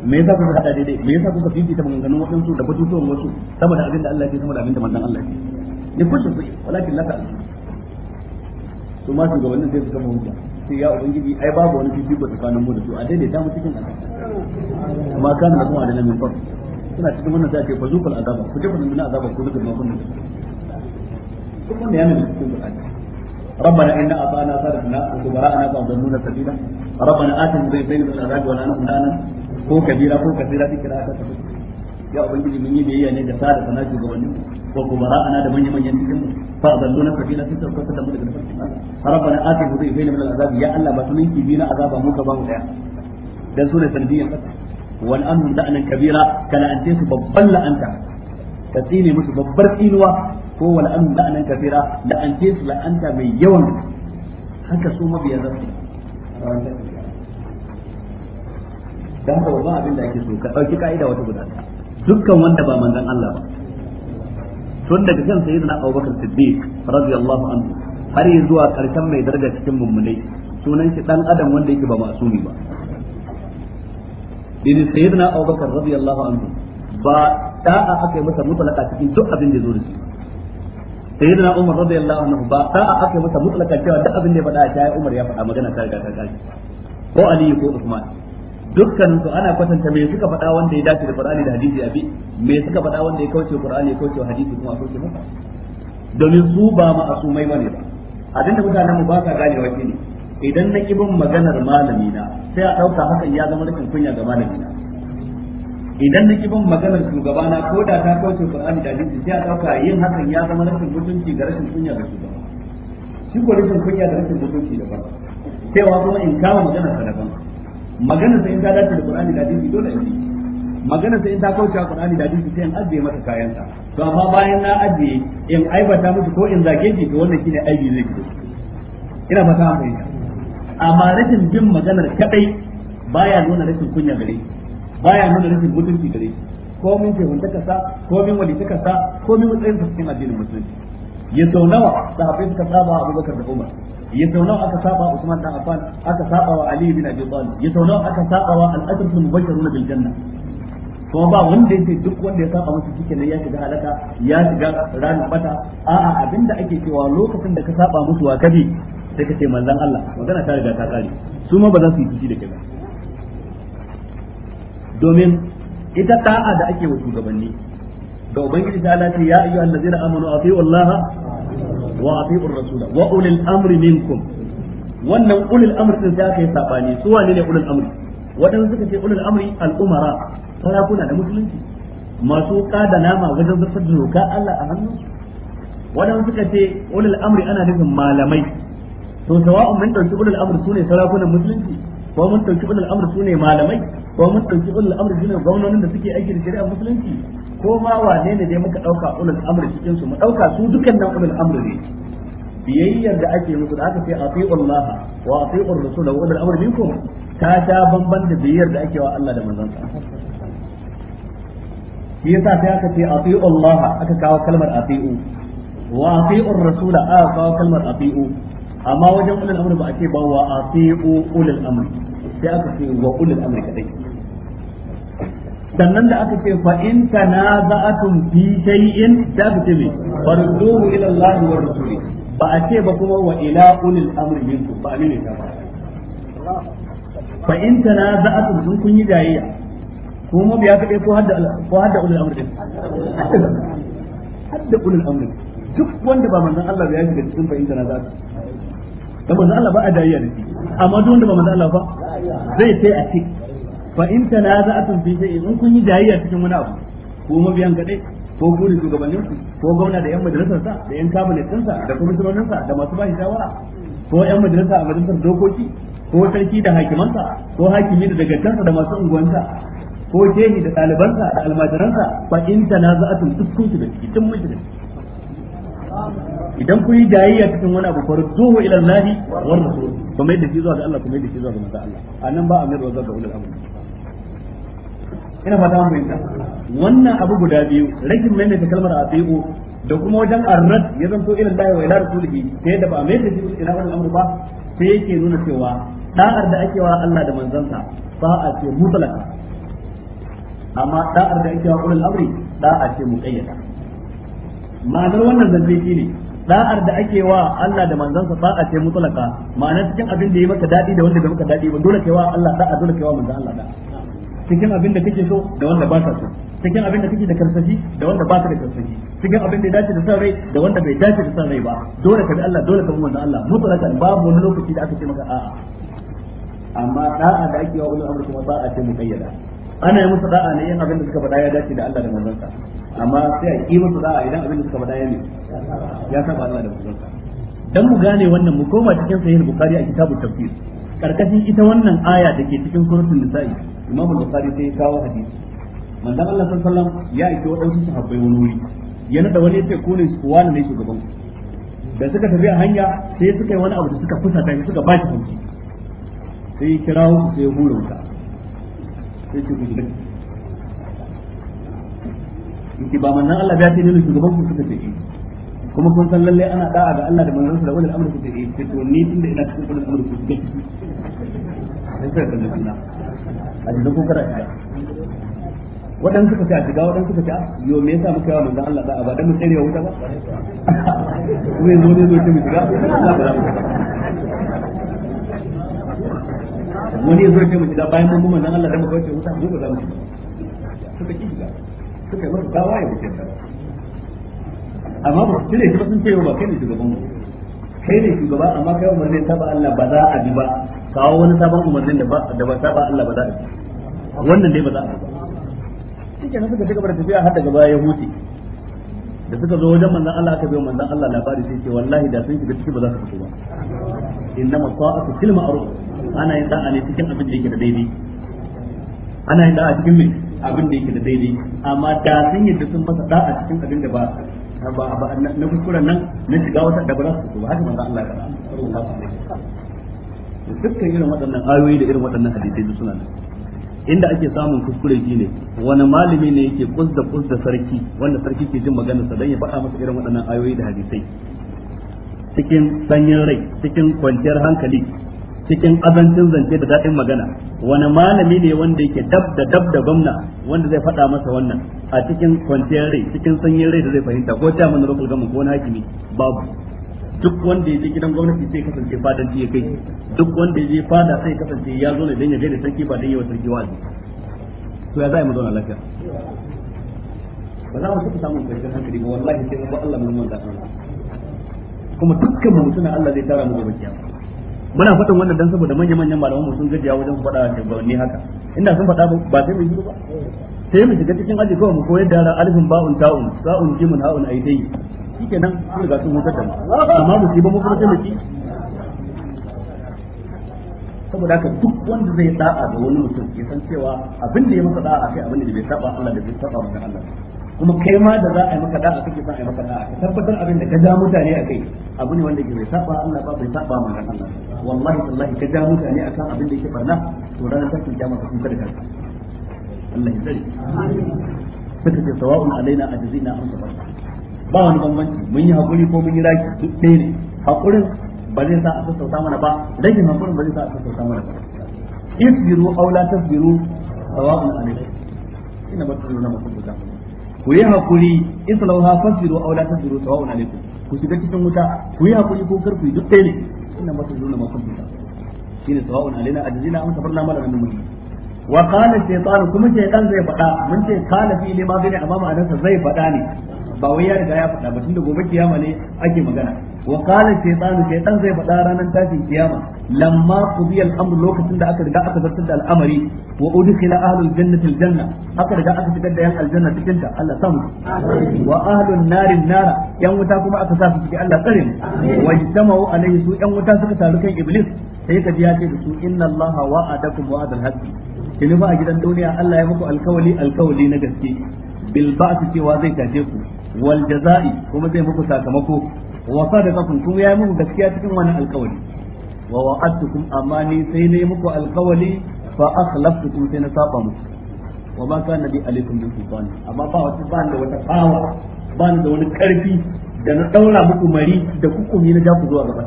me yasa kuka hada daidai me yasa kuka ta maganganun waɗansu da batutuwan wasu saboda abin da Allah ya ce saboda abinda da manzon Allah ya ce ne kullum walakin laka su ma shugabannin sai su kama hujja sai ya ubangiji ai babu wani fifiko tsakanin mu da su a daidaita mu cikin azaba amma kana da kuma da nan min far suna cikin wannan sai ce fazukul azaba ku jefa nan azaba ku duka ma kun duk wannan yana da cikin Qur'ani ربنا إن أطعنا سادتنا وكبراءنا فأضلونا سبيلا ربنا آتنا ضيفين من العذاب ولا نقول لنا كبيرة هو كثيرة في كراءة ya ubangiji mun yi biyayya ne da sada sana wani ko kubara ana da manyan manyan cikin fa zallu na sabila sun tauka ta da daga farkin Allah rabbana atina bi fa'il min al'azab ya Allah ba tunin kibi na azaba mu ka ba mu daya dan sune sanadiyan kasa wal amru da'nan kabira kana an su babban la'anta ka tsine musu babbar tsinuwa ko wal amru da'nan kabira da an su la'anta mai yawan haka su mabiya zasu dan haka babban abin da ake so ka dauki ka'ida wata guda dukkan wanda ba manzon Allah ba tun daga kan sayyidina Bakar Siddiq radiyallahu anhu har yi zuwa karshen mai daraja cikin mummunai sunan shi dan adam wanda yake ba masumi ba din sayyidina Bakar radiyallahu anhu ba da'a aka yi masa mutlaka cikin duk abin da zo da shi sayyidina Umar radiyallahu anhu ba da'a aka yi masa mutlaka cewa duk abin da ya faɗa a Umar ya faɗa magana ta ga ta kashi ko Ali ko Usman dukkanin su ana kwatanta me suka faɗa wanda ya dace da Qur'ani da hadisi abi me suka faɗa wanda ya kauce Qur'ani ya kauce hadisi kuma a kauce maka domin su ba ma'asumai bane ba da mutanen mu ba sa ganewa ne idan na ƙi bin maganar malami na sai a ɗauka hakan ya zama rikin kunya ga malami na idan na ƙi bin maganar shugabana ko da ta kauce Qur'ani da hadisi sai a ɗauka yin hakan ya zama rikin mutunci ga rashin kunya ga shugaba shi ko rashin kunya da rashin mutunci ba sai wa kuma in kama maganar sa daban magana sai in ta dace da Qur'ani da hadisi dole ne magana sai in ta kauce wa Qur'ani da hadisi sai in ajiye masa kayan sa to amma bayan na ajiye in aibata musu ko in zage shi to wannan shine aibi zai fito ina fata an fahimta amma rashin bin maganar kadai baya nuna rashin kunya gare baya nuna rashin mutunci gare ko min ke wanda kasa ko min wani ta kasa ko min tsayin sa cikin addinin musulunci ya sau nawa sahabbai suka saba Abubakar da Umar ya saunau aka saba Usman dan Affan aka saba wa Ali bin Abi Talib ya saunau aka saba wa al-asr al-mubashshirun bil janna kuma ba wanda yake duk wanda ya saba musu kike na ya shiga halaka ya shiga ranar bata a'a abinda ake cewa lokacin da ka saba musu wa kabi sai ka ce manzon Allah magana ta riga ta kare su ma ba za su yi fushi da kai ba domin ita ta'a da ake wa shugabanni ga ubangiji ta Allah ce ya ayyuhallazina amanu atiiu Allah wa atii'ur rasula wa ulil amri minkum wannan ulil amri din su wane ne ulil amri wadanda suka ce ulil amri al'umara sarakuna da musulunci masu kada nama wajen zartar da doka Allah a hannu wadanda suka ce ulil amri ana malamai to sawa'un mun dauki ulil amri sune sarakunan musulunci ko mun dauki ulil amri sune malamai ko mun dauki ulil amri sune gwamnonin da suke aiki da shari'a musulunci ko ma wane ne dai muka ɗauka ulul amri cikin su mu ɗauka su dukkan nan ulul amri ne biyayyar da ake musu da aka ce atiiu Allah wa atiiu ar-rasul wa ulul amri minkum ta ta banban da biyayyar da ake wa Allah da manzon sa shi yasa sai aka ce atiiu Allah aka kawo kalmar atiiu wa atiiu ar-rasul aka kawo kalmar atiiu amma wajen ulul amri ba a ce ba wa atiiu ulul amri sai aka ce wa ulul amri kadai sannan da aka ce fa in tanaza'atum fi shay'in da ku ce me farduhu ila Allah wa rasuli ba a ce ba kuma wa ila ulil amri minkum ba ne ta ba fa in tanaza'atum sun kun yi jayayya kuma mu biya kade ko hadda ko hadda ulil amri din hadda ulil amri duk wanda ba manzon Allah ba ya shiga cikin fa in tanaza'atum dan manzon Allah ba a jayayya da shi amma duk wanda ba manzon Allah ba zai sai a cikin fa in tanaza'atum fi shay'in in kun yi jayayya cikin wani abu ko mabiyan kadai ko ku shugabannin ku ko gwamna da yan majalisar sa da yan cabinet sa da kwamishinonin sa da masu bashi shawara ko yan majalisa a majalisar dokoki ko sarki da sa ko hakimi da dagatansa da masu sa ko jehi da sa da sa fa in tanaza'atum duk kun shiga ciki tun mun shiga idan kun yi jayayya cikin wani abu faru zuwa ila Allah wa rasul kuma yadda shi zuwa ga Allah kuma yadda shi zuwa ga manzo Allah anan ba amir wa zaka ulul amr ina fata mun fahimta wannan abu guda biyu mai da kalmar ati'u da kuma wajen arrad ya zanto ilan lahi wa ila rasulihi sai da ba mai da jiki ila wannan amru ba sai yake nuna cewa da'ar da ake wa Allah da manzansa ba a ce mutlaka amma da'ar da ake wa ulul amri da a ce muqayyada ma'anar wannan zance ne da'ar da ake wa Allah da manzansa a ce mutlaka ma'anar cikin abin da ya maka dadi da wanda bai maka dadi ba dole kai wa Allah da'a dole kai wa manzon Allah da'a cikin abin da kake so da wanda ba ka so cikin abin da kake da karsashi da wanda ba ka da karsashi cikin abin da ya dace da san rai da wanda bai dace da san rai ba dole ka bi Allah dole ka bi manzon Allah mutlaqan babu wani lokaci da aka ce maka a'a amma da'a da ake wa ulul amri kuma ba a ce muqayyada ana yi musu da'a ne yin abin da suka faɗa ya dace da Allah da manzon sa amma sai a yi musu da'a idan abin da suka faɗa ya ne ya saba Allah da manzon sa dan mu gane wannan mu koma cikin sahih bukhari a kitabut tafsir karkashin ita wannan aya da ke cikin suratul nisa'i imam al-bukhari sai ya kawo hadisi manzon Allah sallallahu alaihi wasallam ya aiki wadansu sahabbai wani wuri ya nada wani yace ko ne wani ne shugaban ku da suka tafi a hanya sai suka yi wani abu da suka fusata shi suka ba shi hanci sai ya kira su sai ya hura wuta sai ce ku shiga yake ba manzon Allah ya ce ne shugaban ku suka tafi eh. kuma kun san lalle ana da'a ga Allah da manzon sa da su amri kuke yi to ni tunda ina cikin ulul amri kuke sai suka kalli juna a jikin ko kada kaya waɗansu suka ce a shiga waɗansu suka ce yo me yasa muka yawa manzon Allah da ba dan mu tsare wuta ba ko [LAUGHS] zo ne zo ce mu shiga Allah ba wani zo ce mu shiga bayan mun mun Allah da mu kauce wuta mu ba za mu suka ki shiga suka yi masa dawa ya wuce ta amma ba su ne sun ce ba kai ne shugaban mu kai ne shugaba amma kai wa manzon ta ba Allah ba za a bi ba kawo wani sabon umarnin da ba da ba saba Allah ba za a wannan dai ba za a shi kenan suka ci gaba da tafiya har daga baya ya huce da suka zo wajen manzon Allah aka bai manzon Allah labari sai ce wallahi da sun shiga ciki ba za su fito ba innama sa'atu fil ma'ruf ana yin da'a ne cikin abin da yake da daidai ana yin da'a cikin me abin da yake da daidai amma da sun yadda sun masa da'a cikin abin da ba ba na kuskuren nan na shiga wata da ba za su fito ba haka manzon Allah ya faɗa dukkan irin waɗannan ayoyi da irin waɗannan hadisai da suna nan inda ake samun kuskure ne wani malami ne yake kuzda kuzda sarki wanda sarki ke jin maganar sa dan ya faɗa masa irin waɗannan ayoyi da hadisai cikin sanyin rai cikin kwanciyar hankali cikin azancin zance da daɗin magana wani malami ne wanda yake dab da dab da gwamna wanda zai faɗa masa wannan a cikin kwanciyar rai cikin sanyin rai da zai fahimta ko ta mana rukul gama ko wani hakimi babu duk wanda ya je gidan gwamnati sai kasance fadan ya kai duk wanda ya je fada sai kasance ya zo ne dan ya gaida sarki ba dan yawa sarki wazi to ya zai mu zauna lafiya ba za mu taɓa samu kwanciyar hankali ba wallahi sai ba Allah mun manta Allah kuma dukkan mu suna Allah zai tara mu gaba kiyama muna fatan wannan dan saboda manyan manyan malaman mu sun gajiya wajen faɗa da ne haka inda sun faɗa ba sai mu yi ba sai mu shiga cikin aji kawai mu koyar da alifin ba'un ta'un sa'un jimun ha'un aidai nan, sun riga sun hutar da mu amma musiba mu kuma sai mu ci saboda haka duk wanda zai da'a da wani mutum ya san cewa abin da ya maka da'a kai abin da bai saba Allah da bai saba maka Allah kuma kai ma da za a yi maka da'a kake son a yi maka da'a ka tabbatar abin da ka ja mutane a kai abu ne wanda ke bai saba Allah ba bai saba maka Allah wallahi wallahi ka ja mutane akan abin da yake barna to ranar ta kiyama ka kuka da kanka Allah ya tsare suka ce sawa'un alaina ajzina am sabarna ba wani bambanci mun yi hakuri ko mun yi raki duk ɗaya ne hakurin ba zai sa a sassauta mana ba rashin hakurin ba zai sa a sassauta mana ba isbiru aw la ina sawa'un alaykum na batruna mafuta ku yi hakuri islauha fasbiru aula ta tasbiru sawa'un alaykum ku shiga cikin wuta ku yi hakuri ko kar ku yi duk ɗaya ne inna shi ne shine sawa'un alaina ajina an sabarna mala nan mun wa qala shaytan kuma shaytan zai faɗa mun ce kana fi ne ma gani amma ma'anarsa zai faɗa ne ba wai ya riga ya faɗa ba tunda gobe kiyama ne ake magana wa qala shaytanu shaytan zai faɗa ranar tashin kiyama lamma qudiya al-amr lokacin da aka riga aka zartar da al'amari wa udkhila ahlul jannati al-janna aka riga aka shigar da yan aljanna cikin ta Allah samu wa ahlun nari nara yan wuta kuma aka sa su cikin Allah tsare mu wa jama'u alaihi su yan wuta suka taru kan iblis sai ka ji ya ce da su inna Allah wa'adakum wa'adal haqqi kini ba a gidan duniya Allah ya muku alkawali alkawali na gaske bil ba'th cewa zai taje ku wal jazai kuma zai muku sakamako wa sadaqakum kuma yayi muku gaskiya cikin wannan alƙawari wa wa'adtukum amani sai nayi muku alƙawari fa akhlaftukum sai na saba muku wa ma kana bi alaikum min sultan amma ba wata ba da wata bawa ba da wani karfi da na daura muku mari da kukumi na ja ku zuwa gaba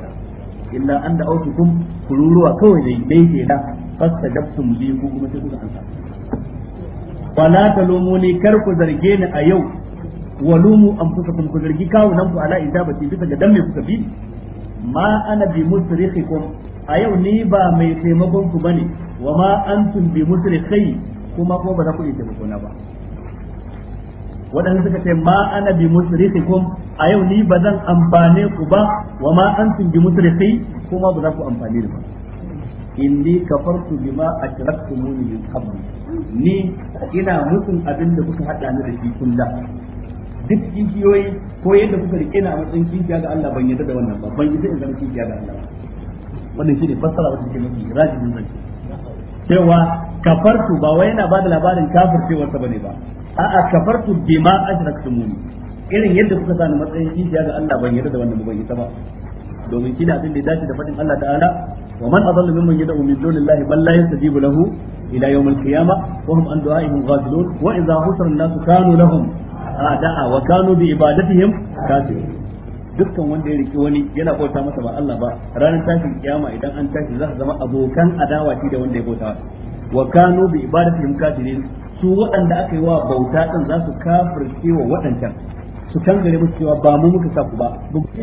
illa anda da autukum kururuwa kawai da yake da fasta dabtum bi ku kuma sai kuka ansa fala talumuni kar ku zarge ni a yau walumu anfusakum ku zargi nan ku ala isabati bisa ga damme me kuka bi ma ana bi musrikhikum a yau ni ba mai taimakon ku bane wa ma antum bi musrikhi kuma ko ba za ku iya taimako na ba waɗanda suka ce ma ana bi musrikhikum a yau ni ba zan amfane ku ba wa ma antum bi musrikhi kuma ba za ku amfane ni ba indi kafartu bima ashraktumuni min qablu ni ina musun abin da kuka hada ni da shi kullum duk kishiyoyi ko yadda kuka rike na a matsayin kishiya ga Allah ban yadda da wannan ba ban yadda in zama kishiya ga Allah wannan shine fassara wata ke mafi rajibin zance cewa kafartu ba wai yana da labarin kafircewar sa bane ba a'a kafartu bima ashraktumuni irin yadda kuka sani matsayin kishiya ga Allah ban yadda da wannan ban yadda ba domin kina abin da ya dace da fadin Allah ta'ala wa man adallu mimman yad'u min dunillahi bal la yastajibu lahu ila yawm al-qiyamah wa hum an du'a'ihim ghafilun wa idha husira an-nasu kanu lahum wa dukkan wanda ya riki wani yana bauta masa ba Allah ba ranar tashin kiyama idan an tashi za su zama abokan adawa shi da wanda ya bauta wa kanu bi ibadatihim kafirin su waɗanda aka yi wa bauta din za su kafirce wa waɗancan su kangare musu cewa ba mu muka sa ku ba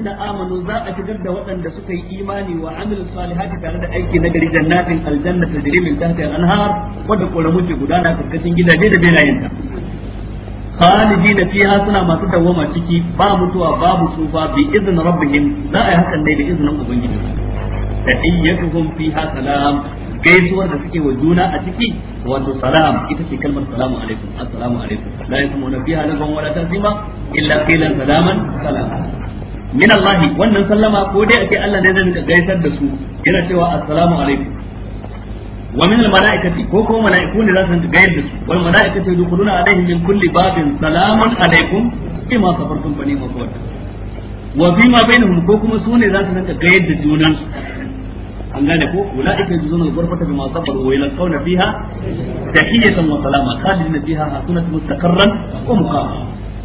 na amanu za a shigar da waɗanda suka yi imani wa amilu salihati tare da aiki na gari jannatin aljanna ta min tahtiha al-anhar wanda koramu ce gudana karkashin gidaje da benayenta khalidin fiha suna masu dawwama ciki ba mutuwa babu tsufa bi iznin rabbihim za a yi hakan ne da iznin ubangiji tahiyyatuhum fiha salam gaisuwar da suke wa juna a ciki wato salam ita ce kalmar salamu alaikum assalamu alaikum la na fiha lagan wala tasima illa qilan salaman salam min Allah wannan sallama ko dai ake Allah ne zai rinka gaisar da su yana cewa assalamu alaikum wa min al ko ko mala'iku ne za su rinka gaisar da su wal mala'ikatu yadkhuluna alaihim min kulli babin salamun alaikum bima safartum bani maqad wa bima bainahum ko kuma su ne za su rinka gaisar da junansu an gane ko ulaika yajzuna al-ghurfata bima sabaru wa yalqawna fiha tahiyatan wa salama khalidina fiha hasunat mustaqarran wa muqama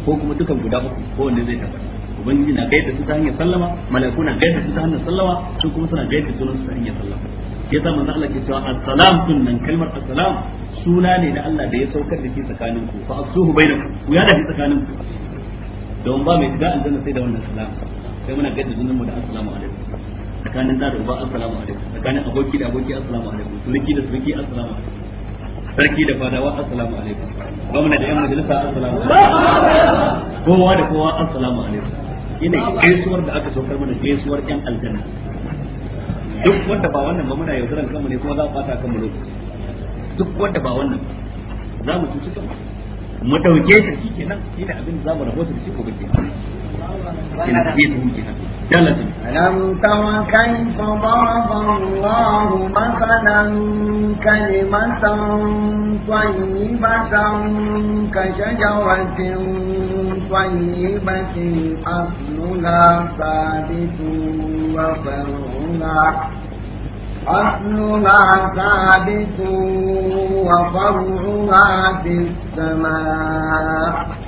ko kuma dukan guda uku ko wanda zai tabbata ubangiji na gaida su ta hanyar sallama malaiku na gaida su ta hanyar sallama su kuma suna gaida su ta hanyar sallama ya sa manzo Allah ke cewa salam din nan kalmar assalam suna ne da Allah da ya saukar da ke tsakanin ku fa asuhu bainakum ku ya da ke tsakanin ku don ba mai shiga aljanna sai da wannan salam sai muna gaida sunan mu da assalamu alaikum tsakanin da da uba assalamu alaikum tsakanin aboki da aboki assalamu alaikum sulki da sulki assalamu alaikum sarki da fadawa assalamu alaikum gwamna da yan majalisa assalamu alaikum kowa da kowa assalamu alaikum ina gaisuwar da aka saukar mana gaisuwar yan aljanna duk wanda ba wannan ba muna yaudaran kanmu ne kuma za mu fata mu lokaci duk wanda ba wannan za mu cuci kanmu mu dauke shi kenan shine abin da za mu rahoto shi ko bace ina sai mu kenan ألم تر كيف ضرب الله مثلا كلمة طيبة كشجرة طيبة أصلها ثابت وفرعها أصلها ثابت وفرعها في السماء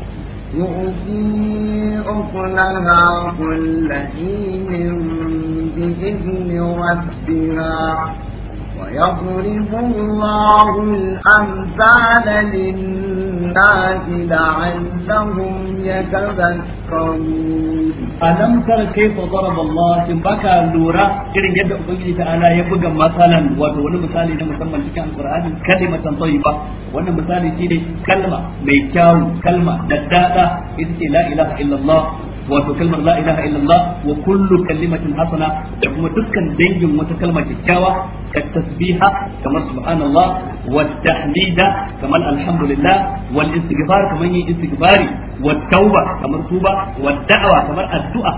يؤتي عقلها كل حين بإذن ربها ويضرب الله الأمثال للناس لعلهم يتذكرون ألم تر كيف ضرب الله تبكى لورا إذن يد أبنجي تعالى يبقى مثلا وأنا مثالي لما سمى لك القرآن كلمة طيبة وأنا مثالي تيني كلمة ميكاو كلمة ددادة إذن لا إله إلا الله wato kalmar la ilaha illallah wa kullu kalimatin hasana da kuma dukkan dangin wata kalma kyakkyawa ka tasbiha kamar subhanallah wa kamar alhamdulillah wal istighfar kamar yin istighfari wa tauba kamar tuba wa da'awa kamar addu'a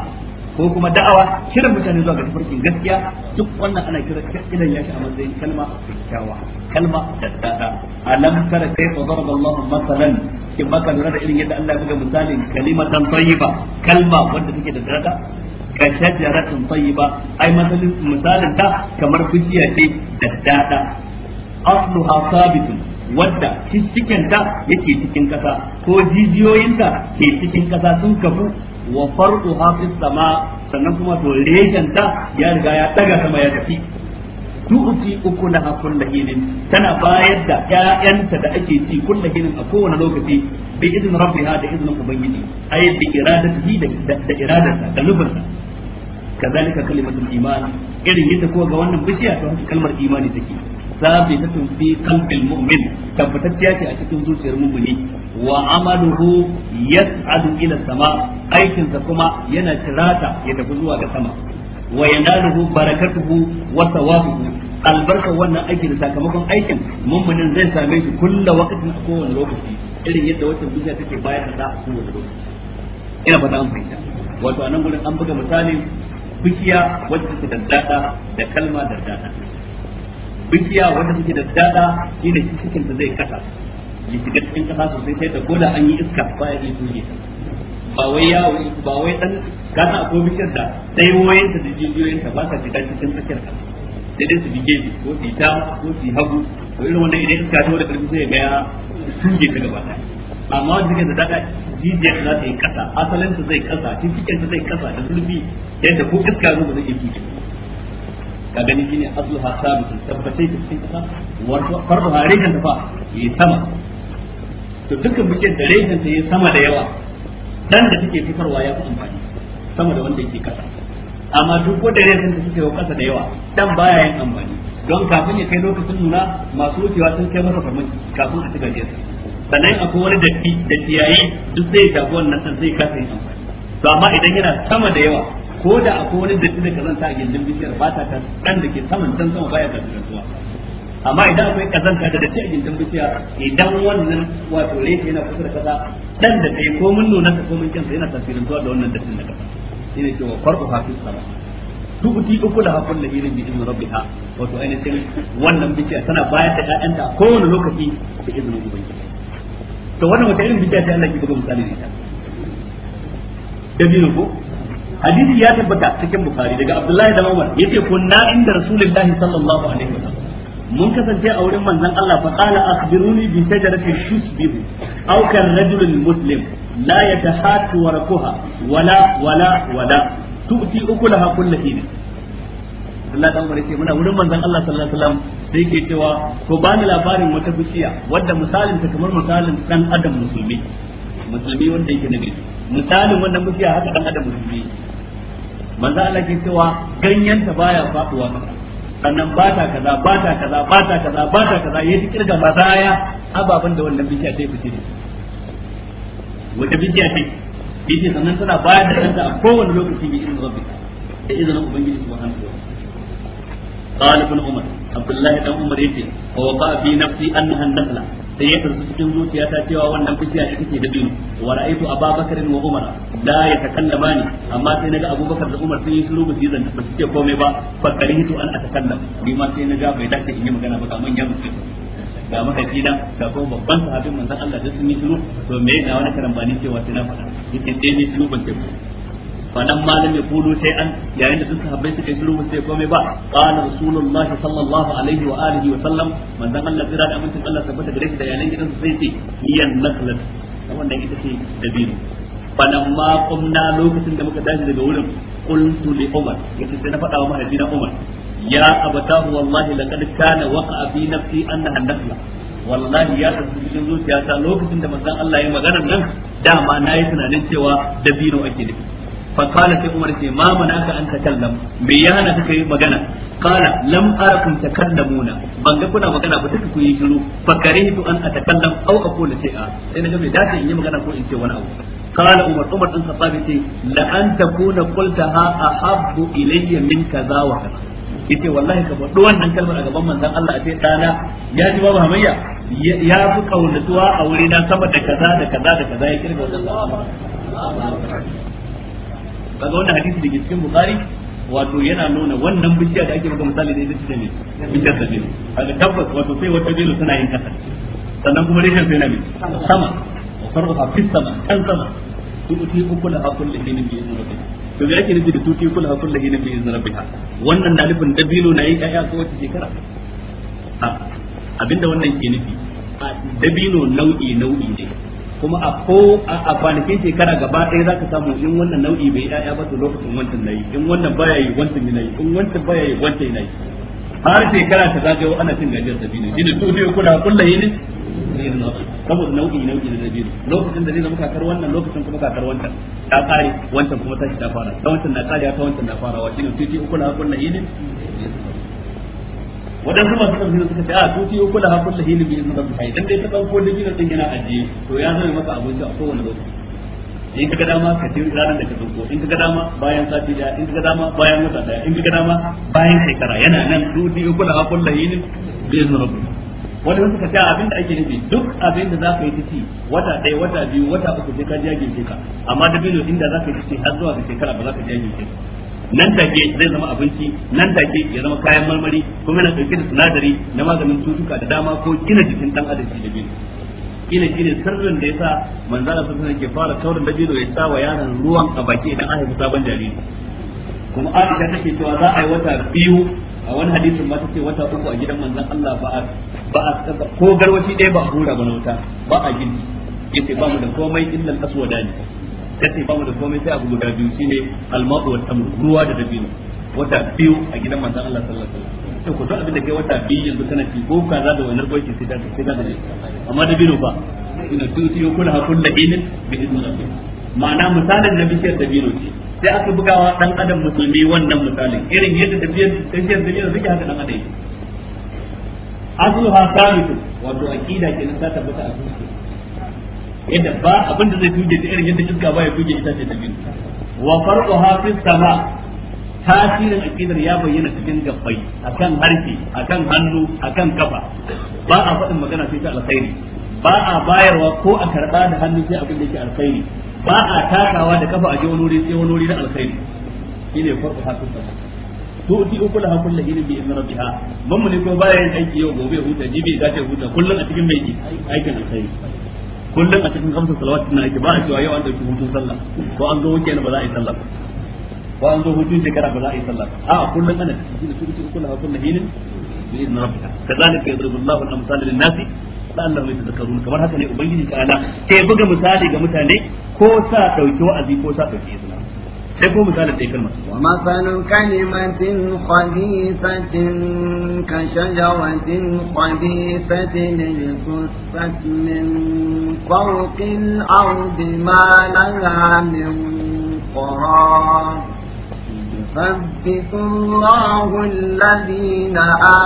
ko kuma da'awa kiran mutane zuwa ga tafarkin gaskiya duk wannan ana kira kiran ya shi a matsayin kalma kyakkyawa kalma daddada alam tara kayfa daraba masalan shin ka lura da irin yadda Allah ya buga misalin kalimatan tayyiba kalma wanda take da daraja ka shajaratin tayyiba ai misalin misalin ta kamar bishiya ce da dada asluha sabitun wadda cikin ta yake cikin kasa ko jijiyoyinta ke cikin kasa sun kafu wa farquha fis sama sannan kuma to ta ya riga ya daga sama ya tafi tu'ti na kullu hinin tana bayar da ƴaƴanta da ake ci kulla hinin a kowane lokaci bi idin rabbiha da iznin ubangiji ay bi iradatihi da da iradarsa da nufinsa kazalika kalimatul iman irin yadda ko ga wannan bishiya to kalmar imani take sabitatun fi qalbil mu'min tabbatacciya ce a cikin zuciyar mu'mini wa amaluhu yas'adu ila sama aikinsa kuma yana tirata ya tafi zuwa ga sama wa yanaluhu barakatuhu wa thawabuhu albarkar wannan aiki da sakamakon aikin mummunin zai same shi kulla wakatin a kowane lokaci irin yadda wata duniya take bayar da a kowane lokaci ina fata an fahimta wato a nan an buga misalin bikiya wadda take da da kalma da bikiya wadda take da dada shine cikin ta zai kasa ya shiga kasa sosai sai da koda an yi iska baya zai ba wai yawo ba wai dan gana a akwai bishiyar da tsayoyin ta da jijiyoyin ta ba ta fita cikin tsakiyar ka sai dai su bi gefe ko su ta ko su hagu ko irin wannan idan ka ta da karfi sai ga ya tunge ta gaba ta amma wanda yake da daga jijiyar za ta yi kasa asalin ta zai kasa cikin ta zai kasa da zurfi yadda ko iska zo ba zai iya tuke ka gani shine ha sabitun tabbatai da cikin kasa wato farko harikan ta fa yi sama to dukkan bikin da rehin ta yi sama da yawa dan da take fitarwa ya fi amfani sama da wanda yake kasa amma duk wanda ne sun suke kasa da yawa dan baya yin amfani don kafin ya kai lokacin nuna masu wucewa sun kai masa farmaki kafin a cika jiyarsa sannan akwai wani datti da ciyayi duk zai tafi wannan san zai kasa yin amfani to amma idan yana sama da yawa ko da akwai wani datti da kazanta a gindin bishiyar ba ta dan da ke saman can sama baya kasuwa amma idan akwai kazanta da dace ajin dan bishiya idan wannan wato laifi yana kusa da kaza dan da kai ko mun nuna ka ko mun kansa yana tasirin zuwa da wannan dattin da kasa shine cewa farko hafi sama tubuti uku da hakun da irin bi izinin rabbiha wato ainihin wannan bishiya tana bayar da ƴaƴanta kowane lokaci da izinin ubangiji to wannan wata irin bishiya ta Allah ki buga misali da ita ko hadisi ya tabbata cikin bukhari daga abdullahi da umar yace kunna inda rasulullahi sallallahu alaihi wasallam mun kasance a wurin manzon Allah fa qala akhbiruni bi shajarati shushbib aw kan rajul muslim la yatahatu warquha wala wala wala tu'ti ukulaha kullu hin Allah dan bare ce muna wurin manzon Allah sallallahu alaihi wasallam sai ke cewa ko bani labarin wata bishiya wadda misalin ta kamar misalin dan adam musulmi musulmi wanda yake nabi misalin wannan bishiya haka dan adam musulmi manzo Allah ke cewa ganyen ta baya faduwa kasa sannan ba ta kaza ba ta kaza ba ta kaza ba ta kaza yayi ji kirga mazaya ababen da wannan bishiya ta fice wata bishiya ce bikiya sannan tana bayar da kanta a kowane lokaci bi izinin rabbi da izinin ubangiji subhanahu wa ta'ala qala ibn umar abdullahi dan umar yace wa waqa fi nafsi annaha nakla sai ya tarsu cikin zuciya ta cewa wannan bishiya ita da biyu wa ra'aytu Abubakar wa Umar kallama ni. amma sai naga Abubakar da Umar sun yi shiru ba su zanta ba su ce komai ba fa qarihtu an atakallam bi ma sai naga bai dace in yi magana ba kamar ya mutu ga mahaifi na ga kuma babban sahabin manzon Allah da sun yi shiru to me ga wani karambani cewa sai na faɗa yake dai eh, ne shiru ban ce fanan ma lam yaqulu sai an yayin da dukkan habbai suka yi shiru ba sai komai ba qala rasulullah sallallahu alaihi wa alihi wa sallam manzon Allah jira da amincin Allah tabbata gare shi da yayin gidansa sai ce niyan naklat wannan ita ce dabino fanan ma qumna lokacin da muka tashi daga wurin qultu li umar yace sai na faɗa wa mahaifina umar ya abatahu wallahi laqad kana waqa'a fi nafsi annaha nakla wallahi ya tafi cikin zuciyata lokacin da manzon Allah ya magana nan dama na yi tunanin cewa dabino ake nufi فقال في عمر ما منعك ان تتكلم me ya hana ka yi magana qala lam ga kuna magana ba duka ku yi shiru fa an atakallam aw aqula shay'a sai naga bai dace in yi magana ko in ce wani abu qala umar umar dan khattab ce la an takuna qultaha ahabbu ilayya min kaza wa wallahi ka faɗi wannan kalmar a gaban manzon Allah a ce dana ya ji babu hamayya ya fi kaunatuwa a na sama da kaza da kaza da kaza ya kirga wajen Allah kaga wannan hadisi da ke cikin bukhari wato yana nuna wannan bishiya da ake maka misali da ita ce ne bishiyar a kaga tabbas wato sai wata jini suna yin kasa sannan kuma reshen sai na ne sama farko a fi sama kan sama Su tuti hakun da lahinin bi izni rabbika to me ake nufi da tuti hakun da lahinin bi izni rabbika wannan da nufin dabino na yi kaya ko wata shekara abinda wannan ke nufi dabino nau'i nau'i ne kuma a ko a kwanakin shekara gaba ɗaya za ka samu in wannan nau'i bai ya'ya ba to lokacin wancan nayi in wannan baya yi wancan nayi in wancan baya yi wancan nayi har shekara ta yau ana cin gajiyar dabino shi ne su ne kuna kullum yi ne saboda nau'i nau'i na dabino lokacin da zai zama kakar wannan lokacin kuma kakar wancan ta kare wancan kuma tashi ta fara ta wancan na kare ta wancan na farawa shi ne su ce kuna kullum yi ne waɗansu masu da suka ce a tuti uku da hakun da hilibi in da kai dan dai ta dauko da gina din yana ajiye to ya zama masa abinci a kowane lokaci in ka dama ka ci ranar da ka dauko in ka dama bayan sati daya in ka dama bayan wata daya in ka dama bayan shekara yana nan tuti uku da hakun da hilibi bi izinin rabbi wani suka ce abin da ake nufi duk abin da za ka yi titi wata ɗaya wata biyu wata uku sai ka jage ka amma da bilo inda za ka yi titi har zuwa ga shekara ba za ka jage ka nan take zai zama abinci nan take ya zama kayan marmari kuma yana dauke da sinadari na maganin cutuka da dama ko gina jikin dan adam shi da bin Gina gina ne sirrin da yasa sa Allah sallallahu ke fara taurin da ya sa wa yaron ruwan a baki idan an haifi sabon jariri kuma Aisha take cewa za a yi wata biyu a wani hadisin ma take wata uku a gidan manzon Allah ba a ba a ko garwashi ɗaya ba a hura ba na wuta ba a gidi yace ba mu da komai illa aswadani kace ba mu da komai sai abu guda biyu shine alma'u wa tamr ruwa da dabino wata biyu a gidan manzon Allah sallallahu alaihi wasallam to ko duk abin da kai wata biyu yanzu kana ci ko ka da wani goki sai da sai da amma dabino ba ina tuti ko na hakun da inin bi Allah ma'ana misalin da bishiyar dabino ce sai aka bugawa dan adam musulmi wannan misalin irin yadda tafiyar tafiyar dabino suke haka dan adam asluha sabitu wato aqida kenan ta tabbata a cikin yadda ba abin da zai tuge ta irin yadda iska ba ya tuge ita ce dabino wa ha fis sama tasirin aqidar ya bayyana cikin gabbai akan harfi akan hannu akan kafa ba a faɗin magana sai ta alkhairi ba a bayarwa ko a karɓa da hannu sai abin da yake alkhairi ba a takawa da kafa a je wani wuri sai wani wuri na alkhairi shine farquha fis sama ti uku da hakun hinin bi in rabbiha mamuni ko baya yin aiki yau gobe huta jibi zata huta kullun a cikin mai aikin alkhairi kullum a cikin kamsa salawat tana ake ba a cewa yau an dauki hutun sallah ko an zo wuce ba za a yi sallah ba ko an zo hutun shekara ba za a yi sallah ba a kullum ana cikin da surutu kullu ha kullu hilin bi idin rabbika kadhalika yadribu Allahu al-amsal lin-nas mai yatadhakkarun kamar haka ne ubangiji ta'ala sai buga misali ga mutane ko sa dauki wa'azi ko sa dauki izina sai ko misalin ya kalmar wa masalun kalimatin khadisatin ka shajaratin khadisatin tussat min fawqil ardi ma laha min qarar يثبت الله الذين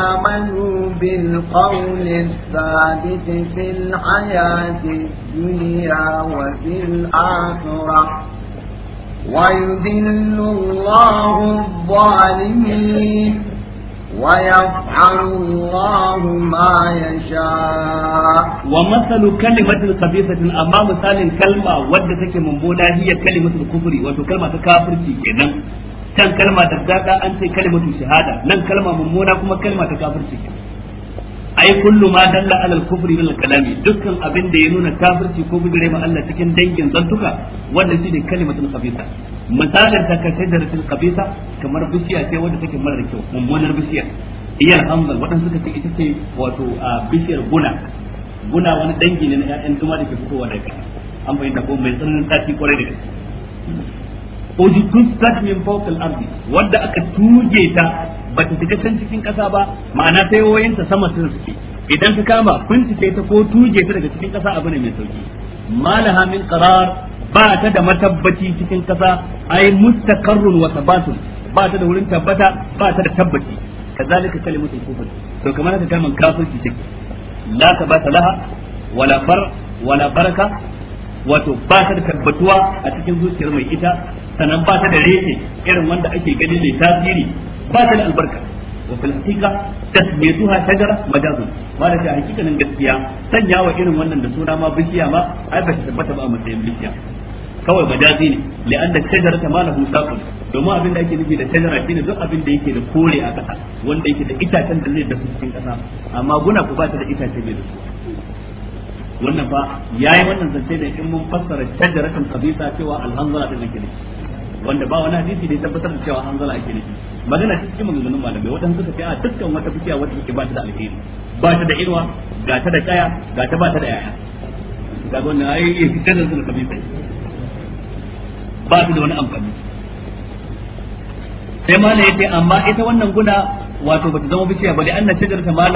آمنوا بالقول الثابت في الحياة الدنيا وفي الآخرة ويذل الله الظالمين ويفعل الله ما يشاء ومثل كلمة خبيثة أما مثال كلمة ودتك من بولا هي كلمة الكفر وكلمة كافر كينا كان كلمة تزداد أنت كلمة شهادة لن كلمة ممونة كما كلمة كافر كينا ai kullu ma dalla alal al-kufri min al-kalami dukkan abin da ya nuna kafirci ko bidire ma Allah cikin dangin zantuka wannan shine kalimatul khabitha misalin ta ka shajaratul khabitha kamar bishiya ce wanda take marar kyau mummunar bishiya iyal hamdal wadanda suka ce ita ce wato bishiyar guna guna wani dangi ne na ƴaƴan tuma da ke fitowa daga an fahimta ko mai tsananin tashi kwarai da gaske ujtustat min fawq al-ardi wanda aka tuje ta ba ta shiga can cikin ƙasa ba ma'ana sai sayoyinta sama sun suke idan ka kama bincike ta ko tuje ta daga cikin ƙasa abu ne mai sauki malaha min qarar ba ta da matabbaci cikin ƙasa ai mustaqarrun wa sabatun ba ta da wurin tabbata ba ta da tabbaci kazalika kalimatul kufr to kamar haka kalmar kafirci take la ta laha wala bar wala baraka wato ba ta da tabbatuwa a cikin zuciyar mai ita sannan ba ta da rike irin wanda ake ganin mai tasiri ba ta da albarka wa fil haqiqa tasmiyatuha shajara majazun ba da hakikanin gaskiya sanya wa irin wannan da suna ma bishiya ma ai ba ta tabbata ba a matsayin bishiya kawai majazi ne li'anna shajarata ma lahu saqun domin abin da ake nufi da shajara shine duk abin da yake da kore a kasa wanda yake da itacen da zai da cikin kasa amma guna ku ba ta da itace mai da su wannan fa yayi wannan zance da in mun fassara shajaratan qabisa cewa alhanzala da nake ne wanda ba wani hadisi da ya tabbatar da cewa hanzala ake nufi magana ta cikin maganganun malamai wadanda suka ce a dukkan wata bishiya wata take ba ta da alheri ba ta da irwa ga ta da kaya ga ta ba ta da yaya ga wannan ai da sun kabi sai ba ta da wani amfani sai ma yace amma ita wannan guna wato bata zama bishiya ba da annan ta ma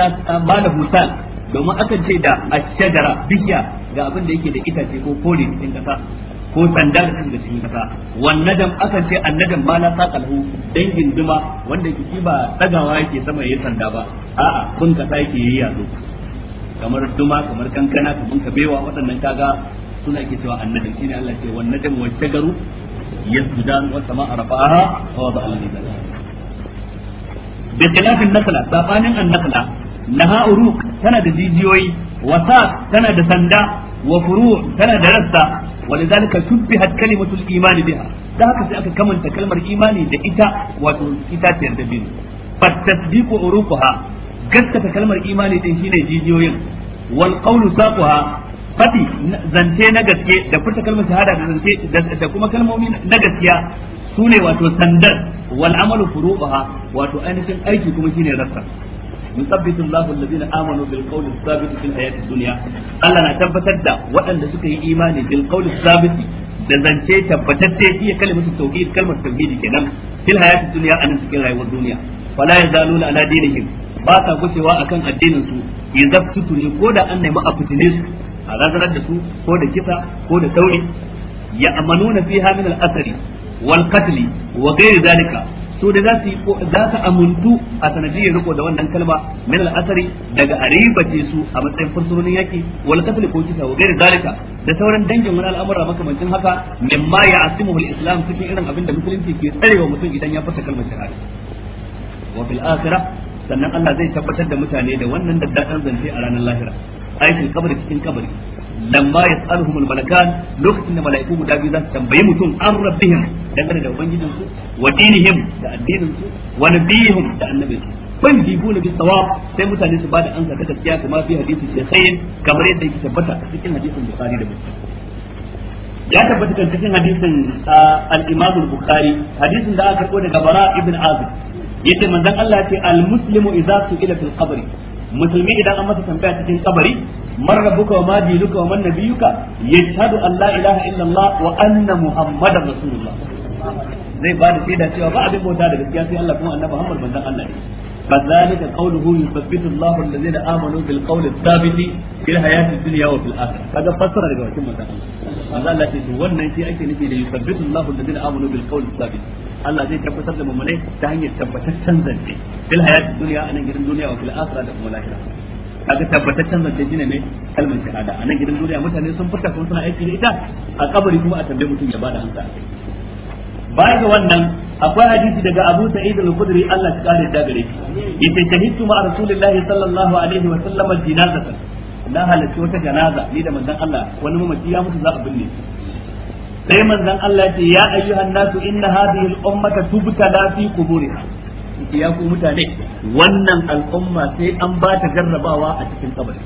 mala husal domin akan ce da a shagara bishiya ga abin da yake da itace ko kore cikin kasa ko sanda da take da cikin kasa wannan dam akan ce annadan ma na saqalhu dangin duma wanda shi ba dagawa yake sama yayin sanda ba a'a kun kasa yake yayi yazo kamar duma kamar kankana kamar kabewa waɗannan kaga suna ke cewa annadan shine Allah ce wannan dam garu, ya yasjudan wa sama'a rafa'aha wa wada'a al-mizan bi khilafin nakla sabanin an-nakla laha uruq tana da jijiyoyi wasa tana da sanda wa furu tana da rassa Wani ولذلك شبهت كلمة الإيمان بها da haka sai aka kamanta kalmar imani da ita wato itaciyar dabino fattasbiqu uruquha gaskata kalmar imani din shine jijiyoyin wal qawlu saquha fati zance na gaske da furta kalmar shahada da zance da kuma kalmomi na gaskiya sune wato sandar wal amalu furuha wato ainihin aiki kuma shine rassa yusabbitu Allahu alladhina amanu bil qawli thabit fil hayati dunya Allah na tabbatar da waɗanda suka yi imani bil qawli da zance tabbatacce iya kalmar tauhid kalmar tauhid kenan fil hayati dunya anan cikin rayuwar duniya fala yazaluna ala dinihim ba sa gushewa akan addinin su yazabtu tuni ko da an nemi a fitine su a razanar da su ko da kisa ko da tauri ya amanuna fi min al-asari wal qatl wa ghairi zalika su da za su za su amuntu a sanadiyar riko da wannan kalma min al'asari daga aribace su a matsayin fursunonin yaki wal qatl ko kisa wa gairi zalika da sauran dangin wani al'amura makamancin haka mimma asimu al-islam cikin irin abin da musulunci ke tsarewa mutum idan ya fasa kalmar shahada wa fil akhirah sannan Allah zai tabbatar da mutane da wannan daddadan zance a ranar lahira aikin kabari cikin kabari lamma yas'aluhum al lokacin da mala'iku guda biyu za tambayi mutum an rabbihim dangane da ubangijin su wa dinihim da addinin su wa nabiyihim da annabi su ban dibu na bi sawab sai mutane su bada ansa ta gaskiya kuma fi hadisi sai sai kamar yadda yake tabbata a cikin hadisin bukhari da muslim ya tabbata kan cikin hadisin al-imam al-bukhari hadisin da aka karbo daga bara ibn azib yace manzon Allah ya al-muslimu idza su'ila fil musulmi idan an masa tambaya cikin kabari man rabbuka wa ma dinuka wa man nabiyuka yashhadu an la ilaha illa Allah wa anna muhammadar zai ba da shaida cewa ba abin bauta da gaskiya sai Allah kuma annabi Muhammad manzon Allah ne فذلك قوله يثبت الله الذين امنوا بالقول الثابت في الحياه الدنيا وفي الاخره هذا fassara daga wakin manzon Allah Allah ce to wannan shi ake nufi da yuthabbit Allah alladhina amanu bil qawl thabit Allah zai tabbatar da mu'minai ta hanyar tabbataccen zance fil hayatid dunya anan gidan duniya wa fil akhirah da kuma lahira kaga tabbataccen zance shine ne kalmar shahada a nan gidan duniya mutane sun furta kuma suna aiki da ita a kabari kuma a tambaye mutum ya bada amsa baya ga wannan akwai hadisi daga Abu Sa'id al-Khudri Allah ya kare da gare shi yace shahidtu ma Rasulullahi sallallahu alaihi wa sallam al-janazata na halarci wata janaza ni da manzon Allah wani mamaci ya mutu za a binne sai manzon Allah ya ce ya ayyuhan nasu inna hadhihi al-ummata tubtala fi quburiha ya ku mutane wannan al'umma sai an ba ta jarrabawa a cikin kabari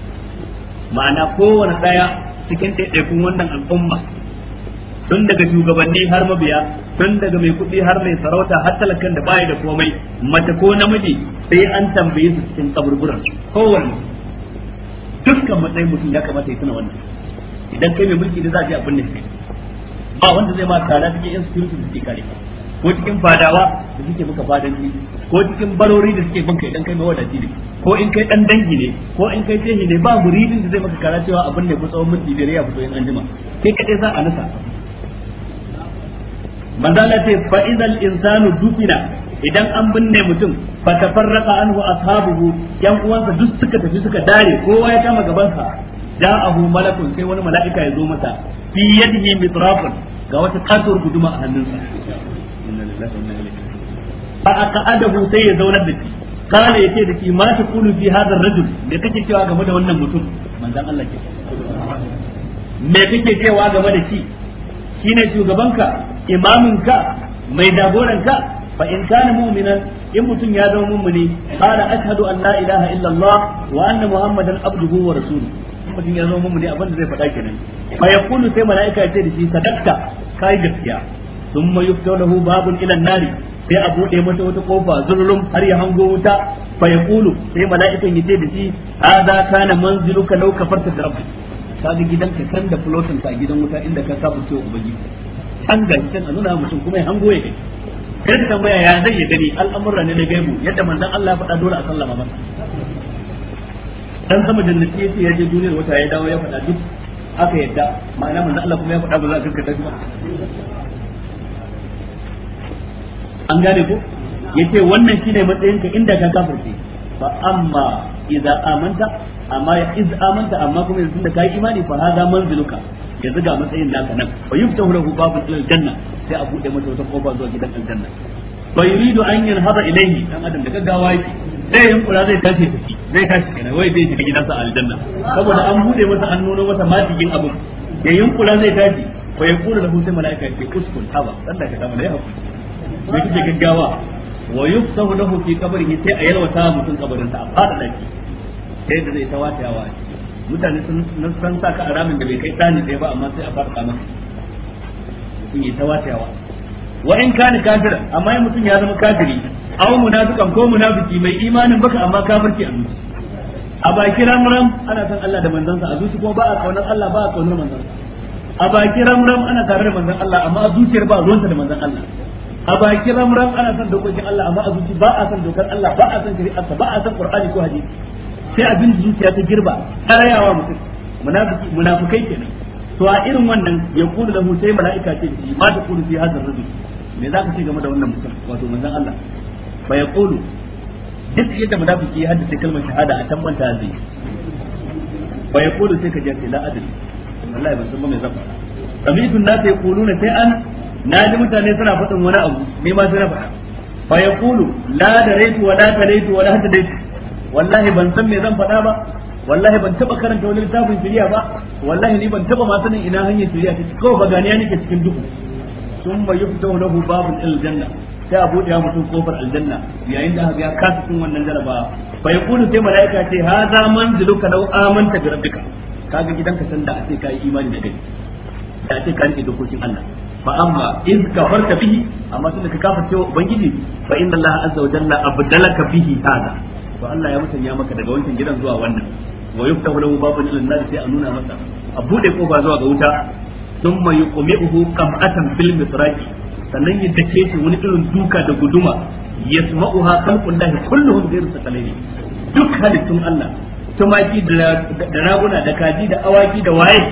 ma'ana kowane daya cikin ɗaiɗaikun wannan al'umma tun daga shugabanni har mabiya tun daga mai kuɗi har mai sarauta har talakan da bayi da komai mace ko namiji sai an tambaye su cikin kaburburan kowanne dukkan matsayin mutum ya kamata ya tuna wannan idan kai mai mulki da za a je a binne ba wanda zai ma tara cikin insecurity da suke kare ka ko cikin fadawa da suke maka fadanci ko cikin barori da suke banka idan kai mawadaci ne ko in kai dan dangi ne ko in kai tehi ne ba muridin da zai maka kara cewa abin ne ku tsawon minti biyar ya fito yin anjima kai kadai za a nasa manzala ce fa insanu dufina idan an binne mutum fa tafarraqa anhu ashabuhu yan uwansa duk suka tafi suka dare kowa ya kama gabansa ja'ahu malakun sai wani mala'ika ya zo masa fi yadihi mitrafun ga wata katuwar guduma a hannunsa fa aqadahu sai ya zaunar da shi kana yace da shi ma ta kulu fi hadar rajul me kake cewa game da wannan mutum manzon Allah ke me kake cewa game da shi shine shugabanka imaminka mai jagoranka fa in kana mu'minan in mutum ya zama mummuni kana ashhadu an la ilaha illa Allah wa anna muhammadan abduhu wa rasuluhu mutum ya zama mummuni abin da zai faɗa kenan fa yaqulu sai mala'ika ya ce da shi sadaqta kai gaskiya thumma yuftahu babun ila nari sai a bude mata wata kofa zurrum har ya hango wuta fa yaqulu sai mala'ikan yace da shi hada kana manziluka law kafarta da rabbi kaga gidanka kan da flotin ta gidan wuta inda ka kafa ce ubangi an ga kan a nuna mutum kuma ya hango ya kai ka tambaya ya zai ya gani al'amurra ne na gaibu yadda manzon Allah ya faɗa dole a sallama masa dan sama jannati yace ya je duniyar wata ya dawo ya faɗa duk aka yadda ma'ana manzon Allah kuma ya faɗa ba za a kirkata ba an gane ko yace wannan shine matsayin ka inda ka kafirce fa amma idza amanta amma iz amanta amma kuma yanzu da kai imani fa hada manziluka yanzu ga matsayin naka nan fa yuftahu lahu babul janna sai a bude masa wata kofa zuwa gidan aljanna fa yuridu an yanhaba ilayhi dan adam da gaggawa yake sai in kula zai tashi tafi zai tashi kana wai zai shiga sa aljanna saboda an bude masa an nuno masa matigin abu ya yin kura zai tashi fa yaqulu lahu sai malaika ya ce uskun haba dan da ka samu dai hakuri sai kike gaggawa wa yufsahu lahu fi qabrihi sai a yalwata mutum kabarin sa a fada shi sai da zai yawa mutane sun san saka a ramin da bai kai tsani sai ba amma sai a fada maka mutum ya tawatayawa wa in kana kafir amma in mutum ya zama kafiri aw munafiqan ko munafiki mai imanin baka amma kafirki a zuci a baki ramram ana san Allah da sa a zuci ko ba a kaunar Allah ba a kaunar sa a baki ramram ana tare da manzon Allah amma a zuciyar ba ruwanta da manzon Allah a baki ramram ana son dokokin Allah amma a zuci ba a son dokar Allah ba a son shari'arsa ba a son Qur'ani ko hadisi sai abin zuciya ta girba tarayawa mutum munafiki munafikai kenan to a irin wannan ya kulu lahu sai mala'ika ce shi ma ta kulu fi hadar rajul me zaka ce game da wannan mutum wato manzon Allah fa ya kulu duk yadda munafiki ya haddace kalmar shahada a tambanta zai fa ya kulu sai ka je sai la adali wallahi ban san ba me zan faɗa sami'tu an-nasa yaquluna sai an na ji mutane suna faɗin wani abu ni ma sai na faɗa fa yaqulu la daraitu wa la talaitu wa la hadaitu wallahi ban san me zan faɗa ba wallahi ban taba karanta wani littafin shari'a ba wallahi ni ban taba ma sanin ina hanyar shari'a ta kawai baganiya nake cikin duhu sun ba yuftahu babu babul aljanna sai a bude mutum kofar aljanna yayin da ya kasa cin wannan jaraba fa yaqulu sai malaika ce za manziluka law amanta bi rabbika kaga gidanka sanda a ce kai imani da kai da ce ka rike dokokin Allah fa amma in kafarta bihi amma tunda ka kafa wa ubangiji fa inna allaha azza wa jalla abdalaka bihi hada to Allah ya musanya maka daga wancan gidan zuwa wannan wa yuftahu lahu babun ilal nar sai a nuna masa a bude kofa zuwa ga wuta thumma yuqmi'uhu qam'atan fil misraqi sannan ya ke shi wani irin duka da guduma yasma'uha khalqun lahi kulluhum ghayru sakalaini duk halittun Allah tumaki da raguna da kaji da awaki da waye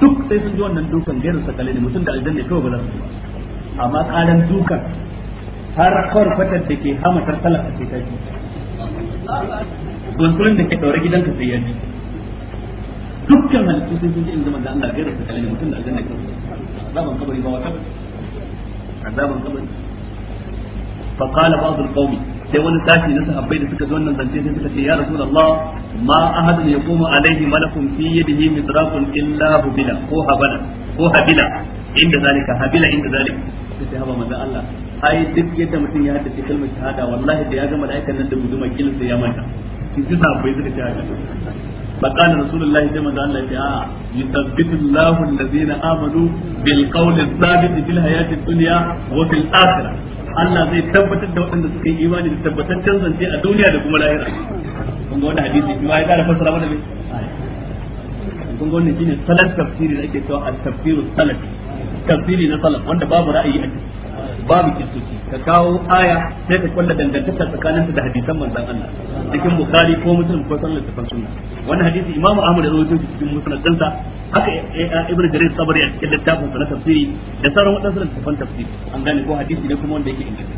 duk sai sun ji wannan dukan gairu ne mutum da aljanna kawai ba za su amma dukan har da ke ta ji da ke daure gidanka sai ya ji dukkan halittu sai sun ji in zama da Allah gairu ne mutum da aljanna kawai azaban kabari ba wata azaban kabari sai wani sashi na sahabbai da suka zo wannan zance sai suka ce ya rasulullah ma ahadun yaqumu alaihi malakun fi yadihi mitraqun illa hubila ko habala ko habila inda zalika habila inda zalika sai haba manzo Allah ai duk yadda mutum ya haddace kalmar shahada wallahi da ya ga mala'ikan nan da guduma kin sai ya manta shi sahabbai suka ce haka فقال رسول الله كما قال لك آه يثبت الله الذين آمنوا بالقول الثابت في الحياة الدنيا وفي الآخرة Allah zai tabbatar da waɗanda suka yi imani da tabbataccen zance a duniya da kuma lahira kun ga wannan hadisi shi ma ya ƙara fassara mana ne kun ga wannan shine salat tafsiri da ake cewa at-tafsiru salat tafsiri na salat wanda babu ra'ayi a ciki babu kisoci ka kawo aya sai ka kwalla dangantaka tsakanin da hadisan manzon Allah cikin bukhari ko muslim ko sallar da sunna wannan hadisi imamu ahmad ya rawaito cikin musnad dinsa haka eh, ibnu jarir sabari a cikin littafin sa na tafsiri da sauran wadansu tafan tafsiri an gane ko hadisi ne kuma wanda yake inganta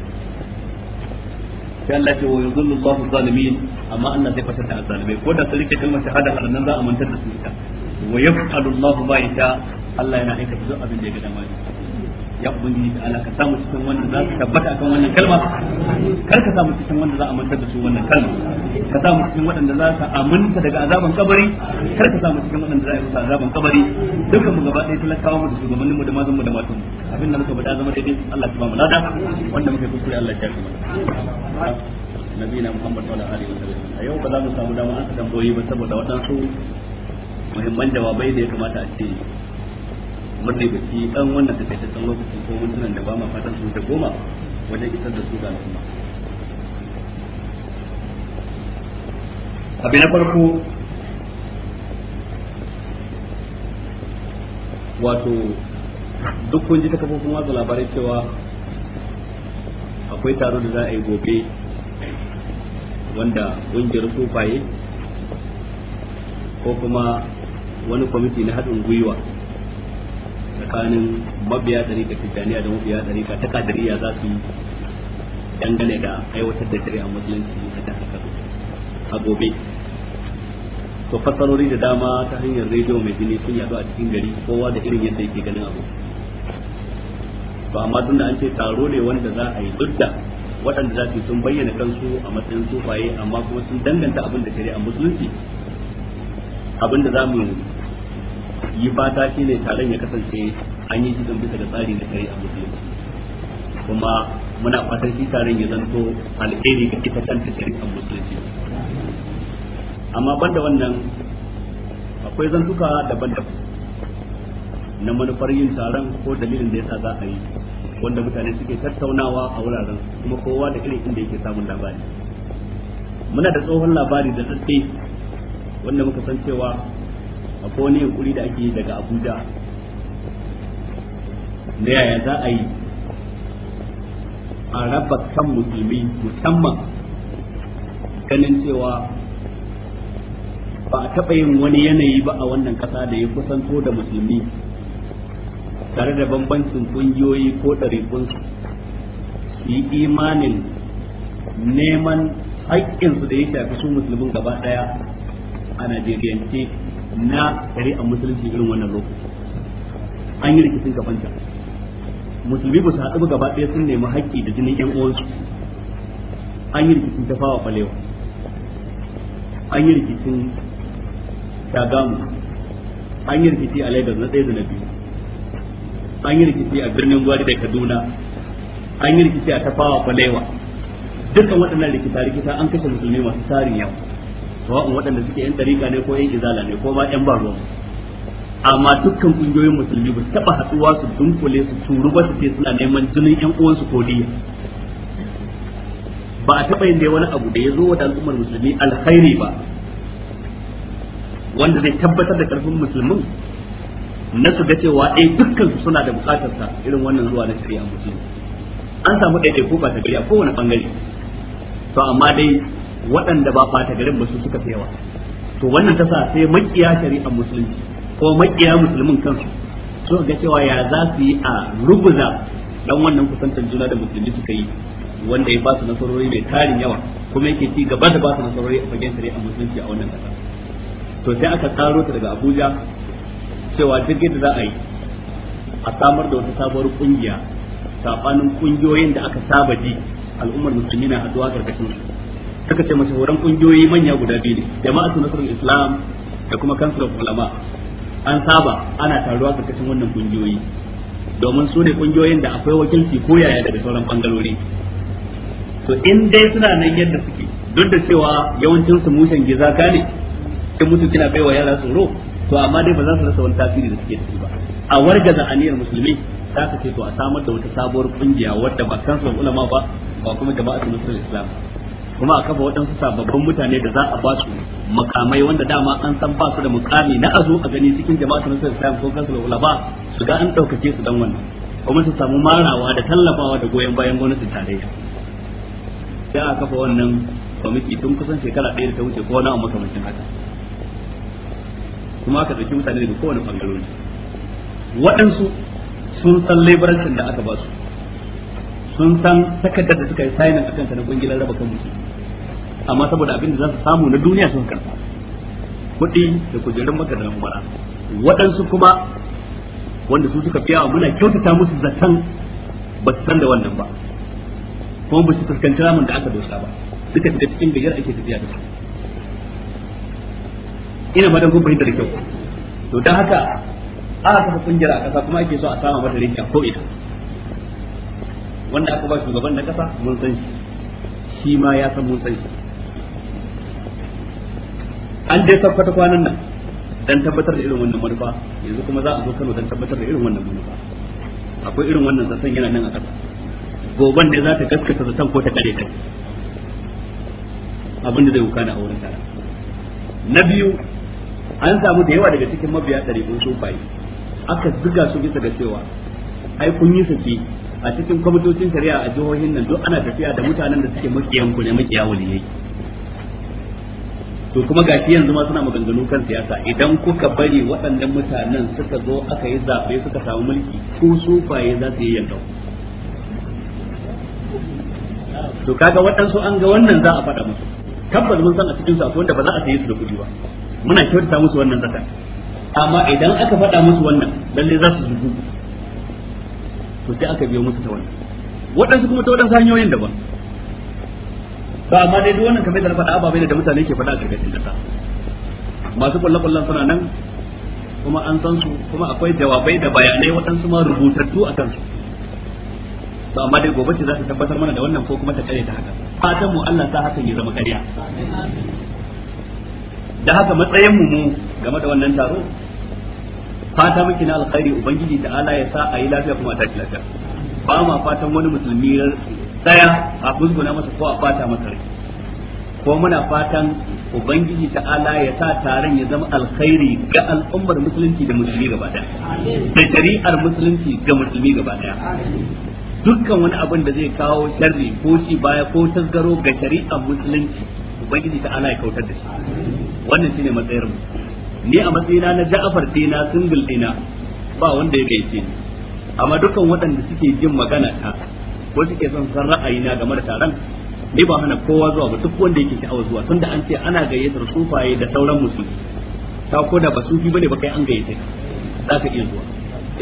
sai Allah ce wa yuzillu Allahu zalimin amma Allah zai fatar da azzalimai ko da sai rike kalmar shahada har nan za a mantar da su ita wa yaf'alu Allahu ma yasha Allah yana aikata duk abin da ya ga dama ya ubangiji da Allah ka samu cikin wanda za su tabbata akan wannan kalma kar ka samu cikin wanda za a mantar da su wannan kalma ka samu cikin waɗanda za su aminta daga azaban kabari kar ka samu cikin waɗanda za a yi azaban kabari dukkan mu gaba ɗaya talakawa mu da shugabannin mu da mazan mu da matan mu abin da muka faɗa zama daidai Allah ta ba mu lada wanda muka yi kuskure Allah ya kiyaye mu nabiyina Muhammad sallallahu alaihi wasallam a yau ba za mu samu dama an tamboyi ba saboda waɗansu muhimman jawabai da ya kamata a ce maribaci dan wannan da kai san lokacin ko mintunan da ba ma fatan su da goma wajen isar da su ga al'umma abin na farko wato duk kun ji ta kafofin watsa labarai cewa akwai taron da za a yi gobe wanda ƙungiyar sufaye ko kuma wani kwamiti na haɗin gwiwa tsakanin mabiya dariƙa tijjaniya da mabiya dariƙa ta kadiriya za su yi dangane da aiwatar da shari'a musulunci a jihar Kano a gobe to fassarori da dama ta hanyar rediyo mai jini sun yadu a cikin gari kowa da irin yadda yake ganin abu ba amma tunda an ce taro ne wanda za a yi duk da waɗanda za su sun bayyana kansu a matsayin sufaye amma kuma sun danganta abin da shari'a musulunci abin da za mu yi fata ne taron ya kasance an yi shi bisa da tsari da a musulunci kuma muna fatan shi taron ya zanto alheri ga ita kanta a musulunci amma ban da wannan akwai zantuka daban-daban na manufar yin taron ko dalilin da ya sa za a yi wanda mutane suke tattaunawa a wuraren kuma kowa da irin inda yake samun labari muna da tsohon labari da tsatse wanda muka san cewa akwai wani yankuri da ake yi daga abuja da yaya za a yi a raba kan musulmi musamman ganin cewa ba a taɓa yin wani yanayi ba a wannan ƙasa da ya kusanto da musulmi tare da bambancin ƙungiyoyi ko ɗariƙunsu su yi imanin neman haƙƙinsu da ya shafi su musulmin gaba ɗaya a najeriyance na shari'ar musulunci irin wannan lokaci an yi rikicin gabanta musulmi ba su haɗu ba gaba ɗaya sun nemi haƙƙi da jinin ƴan uwansu an yi rikicin tafawa balewa an yi rikicin shagamu an yi rikici a lagos na ɗaya da na biyu an yi rikici a birnin gwari da kaduna an yi rikici a tafawa balewa dukkan waɗannan rikita rikita an kashe musulmi masu tarin yau. sawa'un waɗanda suke yan dariƙa ne ko yan izala ne ko ma yan baro amma dukkan kungiyoyin musulmi ba su taɓa haɗuwa su dunkule su turu ba su ce suna neman jinin yan uwansu ko diya ba a taɓa yin dai wani abu da ya zo wa al'ummar musulmi alkhairi ba wanda zai tabbatar da ƙarfin musulmin na su ga cewa ɗaya eh, dukkan su suna da buƙatar sa irin wannan zuwa na shari'a musulmi an samu ko ba ta gari a kowane bangare to amma dai waɗanda ba ɓata garin ba su suka fi yawa to wannan ta sa sai makiya shari'ar musulunci ko makiya musulmin kansu su ga cewa ya za su yi a rubuza dan wannan kusantar juna da musulmi suka yi wanda ya ba su nasarori mai tarin yawa kuma yake ci gaba da ba su nasarori a fagen shari'ar musulunci a wannan ƙasa to sai aka tsaro ta daga Abuja cewa duk yadda za a yi a samar da wata sabuwar kungiya sabanin kungiyoyin da aka saba ji al'ummar musulmi na haduwa karkashin su suka ce mashahuran kungiyoyi manya guda biyu ne jama'a jama'atu nasarar islam da kuma kansu ulama an saba ana taruwa karkashin wannan kungiyoyi domin su ne kungiyoyin da akwai wakilci ko yaya daga sauran bangarori to in dai suna nan yadda suke duk da cewa yawancin su mushen giza gane ne mutu kina kina wa yara tsoro to amma dai ba za su rasa wani tasiri da suke da ba a wargaza aniyar musulmi za ka ce to a samar da wata sabuwar kungiya wadda ba kansu ulama ba ba kuma jama'a jama'atul nasarar islam kuma a kafa waɗansu sababbin mutane da za a ba su makamai wanda dama an san ba su da mukami na azu a gani cikin jama'atul nasr islam ko kansul ba su ga an ɗaukake su dan wannan kuma su samu marawa da tallafawa da goyon bayan gwamnati tare. sai a kafa wannan kwamiti tun kusan shekara ɗaya da ta wuce ko wani a makamancin haka kuma aka ɗauki mutane daga kowane ɓangarori waɗansu sun san laibarancin da aka ba su sun san takardar da suka yi sainin akan ta na kungilar raba kan mutum amma saboda abin da za su samu na duniya sun karfa kuɗi da kujerun maka da lambara waɗansu kuma wanda su suka fiya muna kyautata musu zaton ba su san da wannan ba kuma ba su fuskanci ramin da aka dosa ba suka shiga cikin gayyar ake tafiya da su ina madan kun fahimta da kyau to don haka ka kafa kungiyar a kasa kuma ake so a sama mata rinka ko ita wanda aka ba shugaban na kasa mun san shi shi ma ya san mun san shi an dai tabbata kwanan nan dan tabbatar da irin wannan manufa yanzu kuma za a zo Kano dan tabbatar da irin wannan manufa akwai irin wannan zaton yana nan a ƙasa goban da za ta gaskata zaton ko ta kare kai abin da zai wuka na aure tara na biyu an samu da yawa daga cikin mabiya ɗariƙun sufaye aka ziga su bisa ga cewa ai kun yi sake a cikin kwamitocin shari'a a jihohin nan duk ana tafiya da mutanen da suke makiyan ku ne makiya waliyai to kuma gashi yanzu ma suna maganganu kan siyasa idan kuka bari waɗannan mutanen suka zo aka yi zaɓe suka samu mulki ko sufaye za su yi yanka to kaga waɗansu an ga wannan za a faɗa musu tabbas mun san a cikin su akwai wanda ba za a sayi su da kuɗi ba muna kyautata musu wannan zakat amma idan aka faɗa musu wannan lalle za su zugu to sai aka biyo musu ta wannan waɗansu kuma ta waɗansu hanyoyin daban to amma dai duk wannan kamar da na faɗa ababai da mutane ke faɗa a cikin kasa masu kullu suna nan kuma an san su kuma akwai jawabai da bayanai waɗansu ma rubutattu a kansu to amma dai gobe ce za ta tabbatar mana da wannan ko kuma ta kare ta haka fatan mu Allah sa hakan ya zama ƙarya da haka matsayin mu mu game da wannan taro fata miki na alkhairi ubangiji da ala ya sa a yi lafiya kuma ta lafiya ba ma fatan wani musulmi daya a kuskuna masa ko a bata masa rai ko muna fatan ubangiji ta'ala ya sa taron ya zama alkhairi ga al'ummar musulunci da musulmi gaba daya da shari'ar musulunci ga musulmi gaba daya dukkan wani abin da zai kawo sharri ko shi baya ko tasgaro ga shari'ar musulunci ubangiji ta'ala ya kautar da shi wannan shine matsayar mu ni a matsayina na Ja'far dina single dina ba wanda ya gaishe ni amma dukkan waɗanda suke jin magana ta ko suke son san na game da taron ni ba hana kowa zuwa ba duk wanda yake sha'awar zuwa tunda an ce ana gayyatar sufaye da sauran musulmi ta ko da ba sufi bane ba kai an gayyace za ka iya zuwa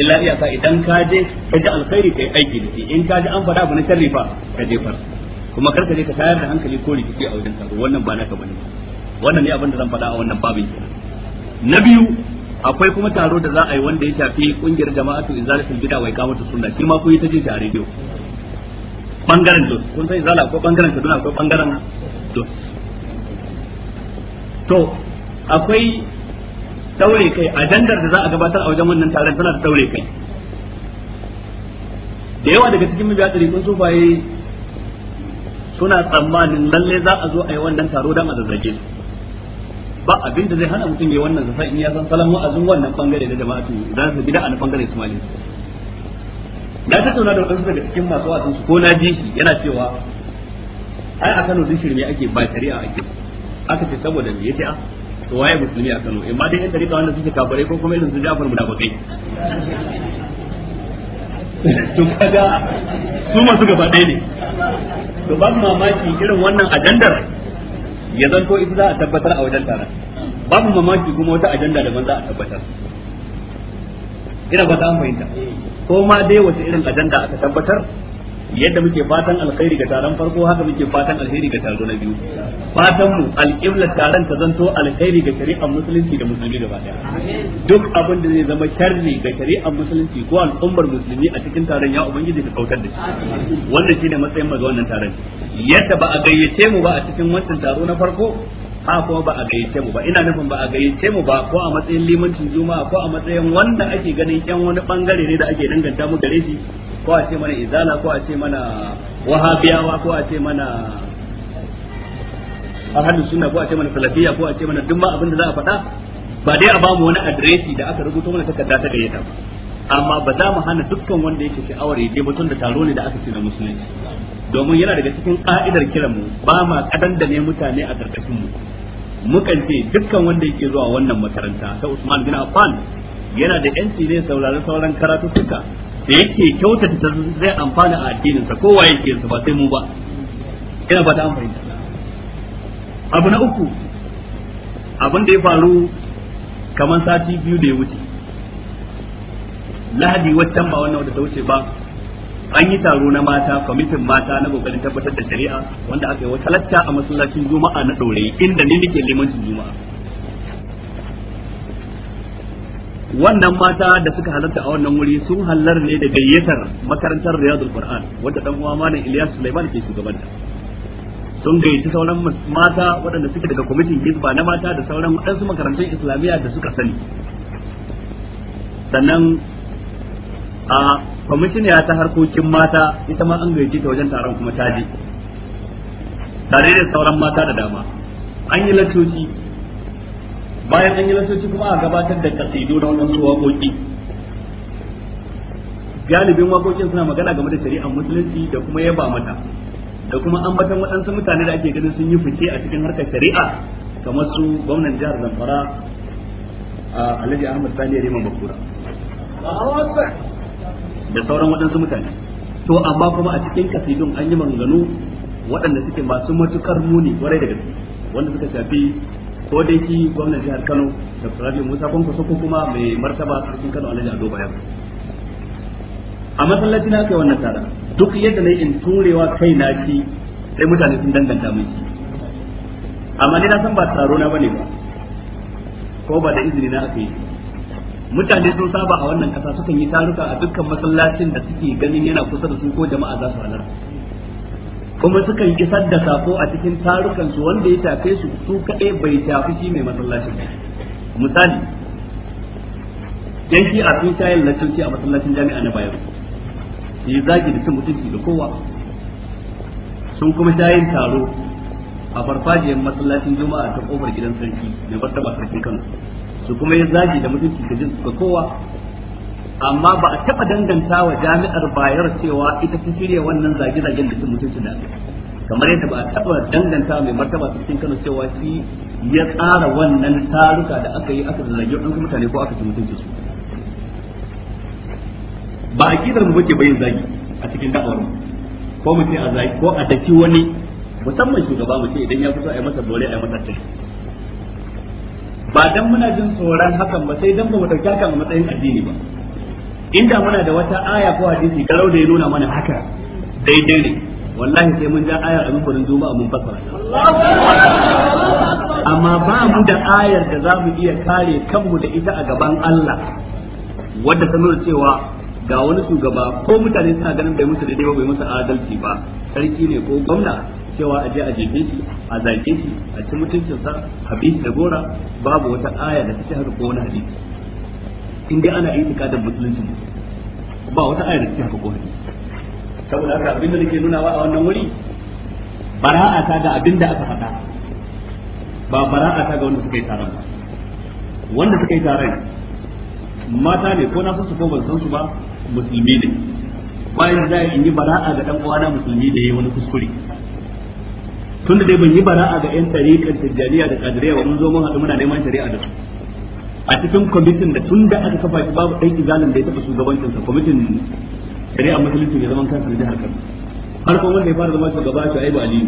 illa iyaka idan ka je ka ji alkhairi kai aiki da shi in ka ji an faɗa abu na sharri fa ka jefar kuma ka je ka tayar da hankali ko rikici a wajen taro wannan ba naka bane wannan ne abin da zan faɗa a wannan babin kenan na biyu akwai kuma taro da za a yi wanda ya shafi kungiyar jama'atu izalatul bid'a wa iqamatu sunna shi ma ku yi ta ji a rediyo bangaren to kun sai zala ko bangaren Kaduna ko bangaren to to akwai daure kai ajandar da za a gabatar a wajen wannan taron tana da daure kai da yawa daga cikin mabiya tsari kun sufaye suna tsammanin lalle za a zo a yi wannan taro don a zazzage su ba abin da zai hana mutum ya wannan zasa in ya san salon a wannan bangare da jama'a su za su bida a na bangare su malin na tattauna da wadansu daga cikin masu wasan su ko na ji shi yana cewa ai a Kano duk shirme ake ba shari'a ake aka ce saboda me yace a ah, to waye musulmi a Kano amma dai yan dariƙa wanda suke kafare ko kuma irin su Ja'far munafikai [LAUGHS] to kaga su masu gaba ɗaya ne to ba mamaki irin wannan ajandar ya zanto ita za a tabbatar a wajen taron babu mamaki kuma wata ajanda daban za a tabbatar ina ba ta fahimta ko ma dai wace irin ajanda aka tabbatar yadda muke fatan alkhairi ga taron farko haka muke fatan alkhairi ga taro na biyu fatan mu alƙibla taron ta zanto alkhairi ga shari'ar musulunci da musulmi gaba daya duk abin da zai zama sharri ga shari'ar musulunci ko al'ummar musulmi a cikin taron ya ubangiji ka kautar da shi Wanda shine matsayin mu ga wannan taron yadda ba a gayyace mu ba a cikin wannan taro na farko Aa kuma ba a gayyace mu ba ina nufin ba a gayyace mu ba ko a matsayin limancin juma'a ko a matsayin wanda ake ganin yan wani bangare ne da ake danganta mu gare shi ko a ce mana izala ko a ce mana wahabiyawa ko a ce mana ahadu sunna ko a ce mana salafiyya ko a ce mana duk ma abin da za a faɗa ba dai a bamu wani adresi da aka rubuta mana takarda ta gayyata ba amma ba za mu hana dukkan wanda yake sha'awar ya je mutum da taro ne da aka ce na musulunci domin yana daga cikin ka'idar kiranmu ba ma kadan da ne mutane a karkashin mu mukan ce dukkan wanda yake zuwa wannan makaranta ta Usman bin Affan yana da yanci ne sauraron sauran suka da yake kyautata ta zai amfana a addinin sa kowa yake su ba sai mu ba ina ba ta amfani abu na uku abin da ya faru kamar sati biyu da ya wuce lahadi wacce ba wannan wadda ta wuce ba an yi taro na mata kwamitin mata na kokarin tabbatar da shari'a wanda aka yi wata latta a masallacin juma'a na ɗore inda ni nake limancin juma'a wannan mata da suka halarta a wannan wuri sun halar ne da gayyatar makarantar riyadul qur'an wadda dan uwa malam Ilyas Sulaiman ke shugabanta sun gayyaci sauran mata waɗanda suke daga kwamitin hizba na mata da sauran waɗansu makarantun islamiyya da suka sani sannan a ya ta harkokin mata ita ma an gaji ta wajen taron kuma ta je tare da sauran mata da dama an yi lantoci bayan an yi lantoci kuma a gabatar da kasidu na wasu waƙoƙi galibin waƙoƙin suna magana game da shari'ar musulunci da kuma yaba mata da kuma ambatan waɗansu mutane da ake ganin sun yi fice a cikin harkar shari'a kamar su gwamnan jihar zamfara a alhaji ahmad sani ya rima bakura da sauran waɗansu mutane to amma kuma a cikin kasidun an yi manganu waɗanda suke masu matukar muni kwarai da gaske wanda suka shafi ko dai shi gwamnan jihar Kano da Rabi Musa Kwankwaso ko kuma mai martaba cikin Kano Alhaji Ado Bayero a masallaci na kai wannan tara duk yadda na yi in turewa kai na shi sai mutane sun danganta min shi amma ni na san ba taro na bane ba ko ba da izini na aka yi mutane sun saba a wannan kasa sukan yi taruka a dukkan masallacin da suke ganin yana kusa da su ko jama'a za su halar kuma sukan kisar da sako a cikin tarukan su wanda ya tafe su su kaɗai bai tafi shi mai masallacin misali yanki a sun shayar lantarki a masallacin jami'a na bayan su yi zagi da cin mutunci da kowa sun kuma shayin taro a farfajiyar masallacin juma'a ta kofar gidan sarki mai martaba sarkin kansu su kuma ya zagi da mutunci ka jin ga kowa amma ba a taba danganta wa jami'ar bayar cewa ita ta shirya wannan zage-zagen da su mutunci da kamar yadda ba a taba danganta mai martaba cikin Kano cewa shi ya tsara wannan taruka da aka yi aka zage an mutane ko aka ci mutunci su ba a kidar mu bace bayin zagi a cikin da'awar ko mu ce a zagi ko a daki wani musamman shugaba mu ce idan ya fito a yi masa dole a yi masa tashi ba dan muna jin tsoron hakan ba sai dan ba mu dauki hakan a matsayin addini ba inda muna da wata aya ko hadisi garau da ya nuna mana haka daidai ne wallahi sai mun ja ayar a mafarin juma'a mun fassara amma ba mu da ayar da za mu iya kare kanmu da ita a gaban Allah wadda ta nuna cewa ga wani shugaba ko mutane suna ganin bai musu daidai ba bai musu adalci ba sarki ne ko gwamna cewa aje a jefe shi a zage shi a ci a habis da gora babu wata aya da take haka ko wani hadisi in dai ana itikadin musulunci ba wata aya da take haka ko wani saboda haka abin da nake wa a wannan wuri bara'a ta ga abin da aka faɗa ba bara'a ta ga wanda suka yi taron ba wanda suka yi taron mata ne ko na san ko ban san su ba musulmi ne bayan za in yi bara'a ga dan uwana musulmi da yayi wani kuskure tunda dai ban yi bara'a ga yan tariƙar tijjaniya da kadiriya ba mun zo mun haɗu muna neman shari'a da su a cikin kwamitin da tun da aka kafa shi babu ɗan izalin da ya taɓa shugabancin sa kwamitin shari'a musulunci ne zaman kansa da jihar Kano kuma wanda ya fara zama shugaba shi ba ali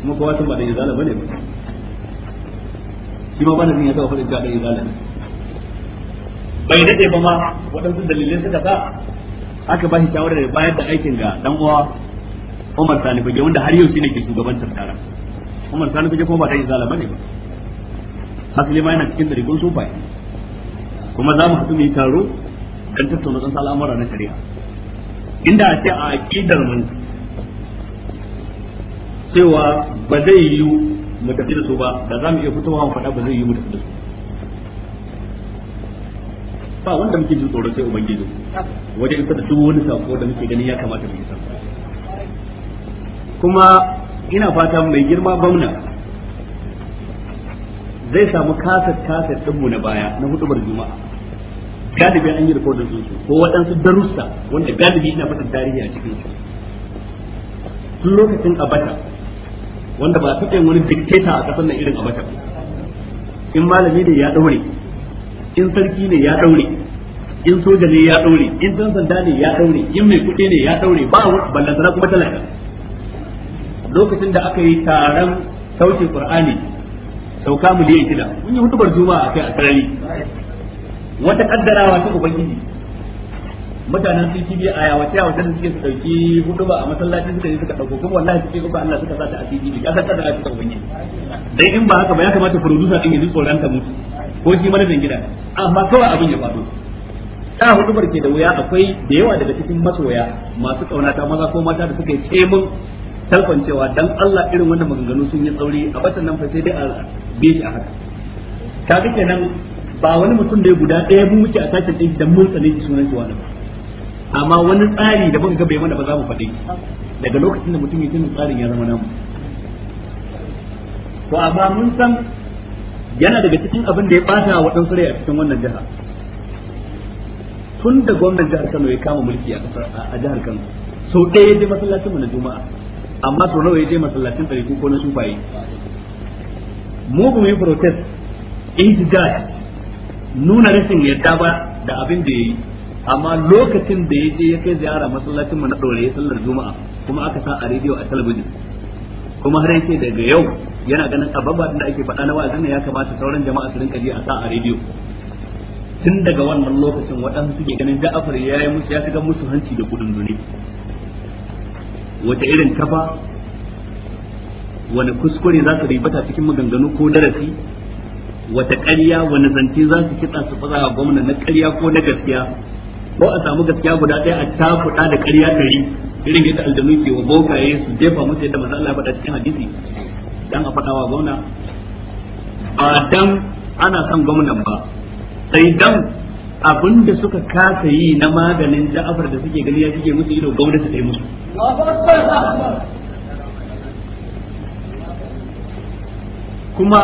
kuma kowa san ba da izala bane ba shi ma bana ya taɓa faɗin da izala bai daɗe ba ma waɗansu dalilai suka sa aka ba shi shawarar bayar da aikin ga dan uwa Umar Sani Fage wanda har yau shine ke shugaban tattara Umar Sani Fage kuma ba ta zalama bane ba hasali ma yana cikin darigun sufai kuma za mu haɗu mu yi taro dan tattauna tsan al'amura na shari'a inda a ce a aqidar mun cewa ba zai yi mu tafi da su ba da za mu iya fitowa mu faɗa ba zai yi mu tafi da su ba wanda muke jin tsoro sai ubangiji wajen isar da duk wani sako da muke ganin ya kamata mu isar kuma ina fata mai girma gwamna zai samu kasar kasar ɗinmu na baya na hudubar juma'a galibi an yi rikodin su ko waɗansu darussa wanda galibi ina fatan tarihi a cikin su tun lokacin abata wanda ba taɓa yin wani dikteta a ƙasar nan irin abata in malami ne ya ɗaure in sarki ne ya ɗaure in soja ne ya ɗaure in dan sanda ne ya ɗaure in mai kuɗi ne ya ɗaure ba ballantana kuma talaka lokacin da aka yi taron sautin qur'ani sauka miliyan shida mun yi hutubar juma'a kai a sarari wata kaddarawa ta ubangiji mutanen sun kibi a yawa ta yawa suke su dauki hutuba a masallaci suka yi suka dauko kuma wallahi suke kuma Allah suka sa ta a cikin ya aka kaddara ta ubangiji dai in ba haka ba ya kamata producer din ya ji tsoron ta mutu ko shi manajan gida amma kawai abin ya faɗo ta hudubar ke da wuya akwai da yawa daga cikin masoya masu kaunata maza ko mata da suka yi tsemin talkon cewa dan Allah irin wannan maganganu sun yi tsauri a batan nan fa sai dai a bi shi a haka kaga nan ba wani mutum da ya guda ɗaya mun muke a sakin ɗin da mun tsane sunan shi wani amma wani tsari da ban ga bai mana ba za mu faɗi daga lokacin da mutum ya tuna tsarin ya zama namu to amma mun san yana daga cikin abin da ya bata wa dan rai a cikin wannan jaha tun da gwamnan jihar Kano ya kama mulki a jihar Kano sau ɗaya ya masallacin mu na Juma'a amma sau nawa ya je masallacin ɗari ko na sufaye mu kuma yi protest ihtijaj nuna rashin yadda ba da abin da yayi amma lokacin da ya je ya kai ziyara masallacin mu na ɗore sallar juma'a kuma aka sa a rediyo a talabijin kuma har yake daga yau yana ganin ababa da ake faɗa na wa'azin ya kamata sauran jama'a su rinka ji a sa a rediyo tun daga wannan lokacin waɗansu suke ganin Ja'far ya yi musu ya shiga musu hanci da kudin duniya wata irin kafa wani kuskure za su ribata cikin maganganu ko darasi wata ƙarya wani zance za su kitsa su a gwamna na ƙarya ko na gaskiya ko a samu gaskiya guda ɗaya a takuɗa da ƙarya ɗari irin yadda aljanu ke wa bokaye su jefa musu yadda masu Allah faɗa cikin hadisi dan a faɗawa gwamna ba dan ana son gwamnan ba sai dan abin da suka kasa yi na maganin ja'afar da suke gani ya suke musu ido gwamnati ta yi musu kuma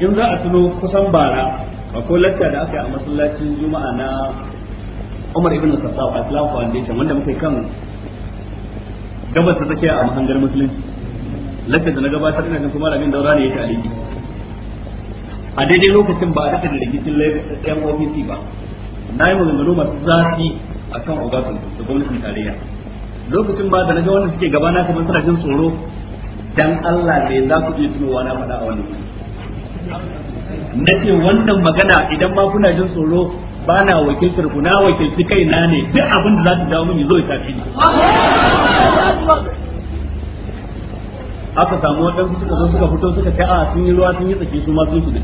in za a tuno kusan bara akwai lacca da aka yi a masallacin juma'a na umar ibn sassau a islam foundation wanda muka kan gabas ta tsakiya a mahangar musulunci lacca da na gabatar ina jin kuma rabin daura ne ya ta aliki a daidai lokacin ba a daɗa da rikicin yan ofisi ba na yi maganganu masu zafi a kan obasanjo da gwamnatin tarayya lokacin ba da naga wanda suke gabana kamar suna jin tsoro dan Allah ne za ku iya tunowa na faɗa a wannan na ce wannan magana idan ma kuna jin tsoro ba na wakiltar ku na wakilci kai na ne duk abin da za ta dawo mini zo ya tafi ni aka samu waɗansu suka zo suka fito suka kai a sun yi ruwa sun yi tsaki su ma sun su da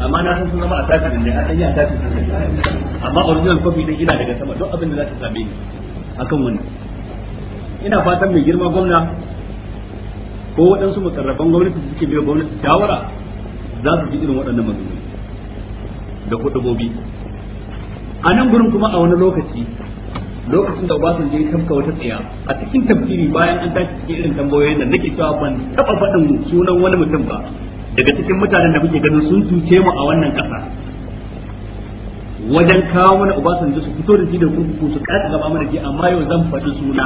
amma na san sun zama a tashi din ne a ɗanyi a tashi din ne amma original copy din ina daga sama duk abin da za ta same ni akan wani. ina fatan mai girma gwamna ko waɗansu mukarraban gwamnati da suke biyo gwamnati shawara za su ji irin waɗannan matsaloli da kuɗubobi a nan gurin kuma a wani lokaci lokacin da Obasanjo ya tafka wata tsaya a cikin tafsiri bayan an tashi cikin irin tambayoyin da nake cewa ban taɓa faɗin sunan wani mutum ba daga cikin mutanen da muke ganin sun cuce mu a wannan ƙasa wajen kawo mana Obasanjo su fito da shi da kurkuku su kasa gaba mana ji, amma yau zan faɗi suna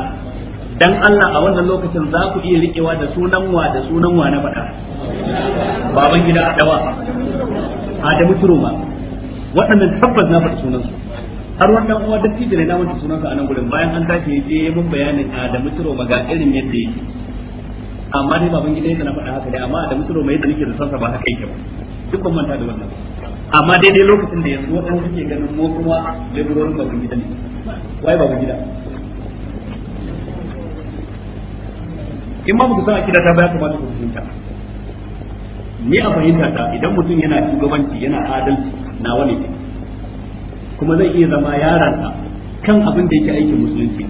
dan Allah a wannan lokacin za ku iya riƙewa da sunan wa da sunan wa na faɗa baban gida Adawa Adamu Turoma waɗannan tabbas na faɗi sunan su har wannan uwa da tijira na wanda sunan sa a nan gurin bayan an tashi ya je mun bayanin Adamu Turoma ga irin yadda yake amma dai baban gida yadda na faɗa haka dai amma da musulma yadda nake da sansa ba haka yake ba duk ban manta da wannan amma daidai lokacin da yanzu waɗanda suke ganin mu kuma leburorin baban gida ne wai baban gida in ma muku san akida ta baya kamata ku fahimta ni a fahimta ta idan mutum yana shugabanci yana adalci na wani ne kuma zai iya zama ta kan abin da yake aikin musulunci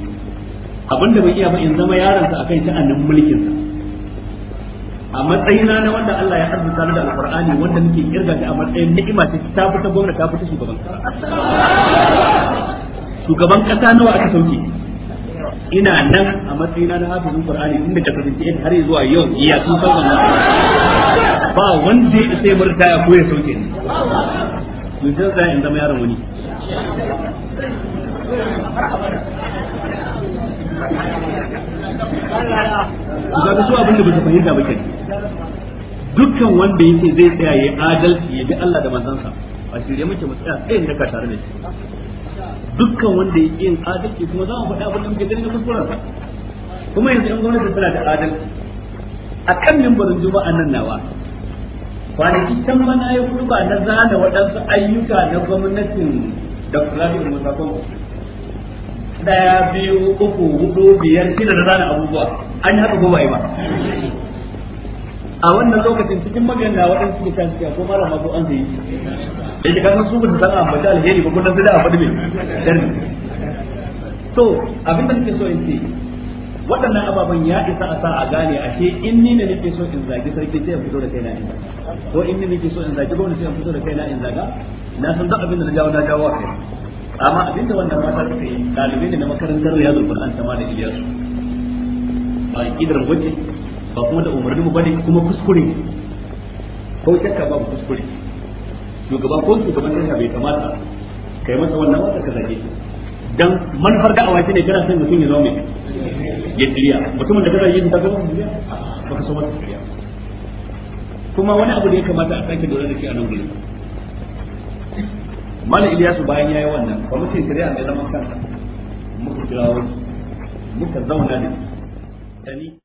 abin da bai iya ba in zama ta akan sha'anin mulkinsa a matsayin na wanda Allah ya arzuta da alqur'ani wanda muke kirga da a matsayin ni'ima ta ta fita gwamnati ta fita shugaban kasa shugaban kasa nawa aka sauke ina nan a matsayin na hafizin qur'ani ta daga yadda har zuwa yau iya sun san na ba wanda ya sai murta ya koya sauke ni mun san in zama yaron wani ga su abin da ba fahimta ba kenan dukkan wanda yake zai tsaya ya adalci ya bi Allah da manzansa a shirye muke mu tsaya tsayin daka tare da shi dukkan wanda yake yin adalci kuma za mu faɗa abin da muke gani na kuskuren kuma yanzu in gwamnati tana da adalci a kan mimbarin juma'a nan nawa kwanaki can ma na yi na zana waɗansu ayyuka na gwamnatin da fulani musa kongo daya biyu uku hudu biyar shi da zana abubuwa an yi haka ko yi ba a wannan lokacin cikin magana waɗansu suke kan suke ko malama ko an zai yake eh, kan su ba su san amma da alheri ba ko dan da faɗi me sharri to abin da nake so in ce waɗannan ababen ya isa a sa a gane a ke in ni ne nake so in zagi sarki sai in fito da kaina in ko in ni nake so in zagi gwamnati sai in fito da kaina in zaga na san duk abin da na jawo na jawo kai amma abin da wannan mata suka yi ɗalibai ne na makarantar riyadul qur'an sama da iliyasu a kidar gwaji ba kuma da umarni mu bane kuma kuskure ko shakka babu kuskure shugaba ko shugaban kasa bai kamata kai masa wannan wata ka zage dan manufar da'awa shine kana son mutum ya zama mai ya tiriya mutumin da kana yin ta gaba ba ka so ba tiriya kuma wani abu da ya kamata a sake dole da shi a nan gurin mala iliyasu bayan yayi wannan kwamitin shari'a mai zaman kansa muka kira wasu muka zauna da shi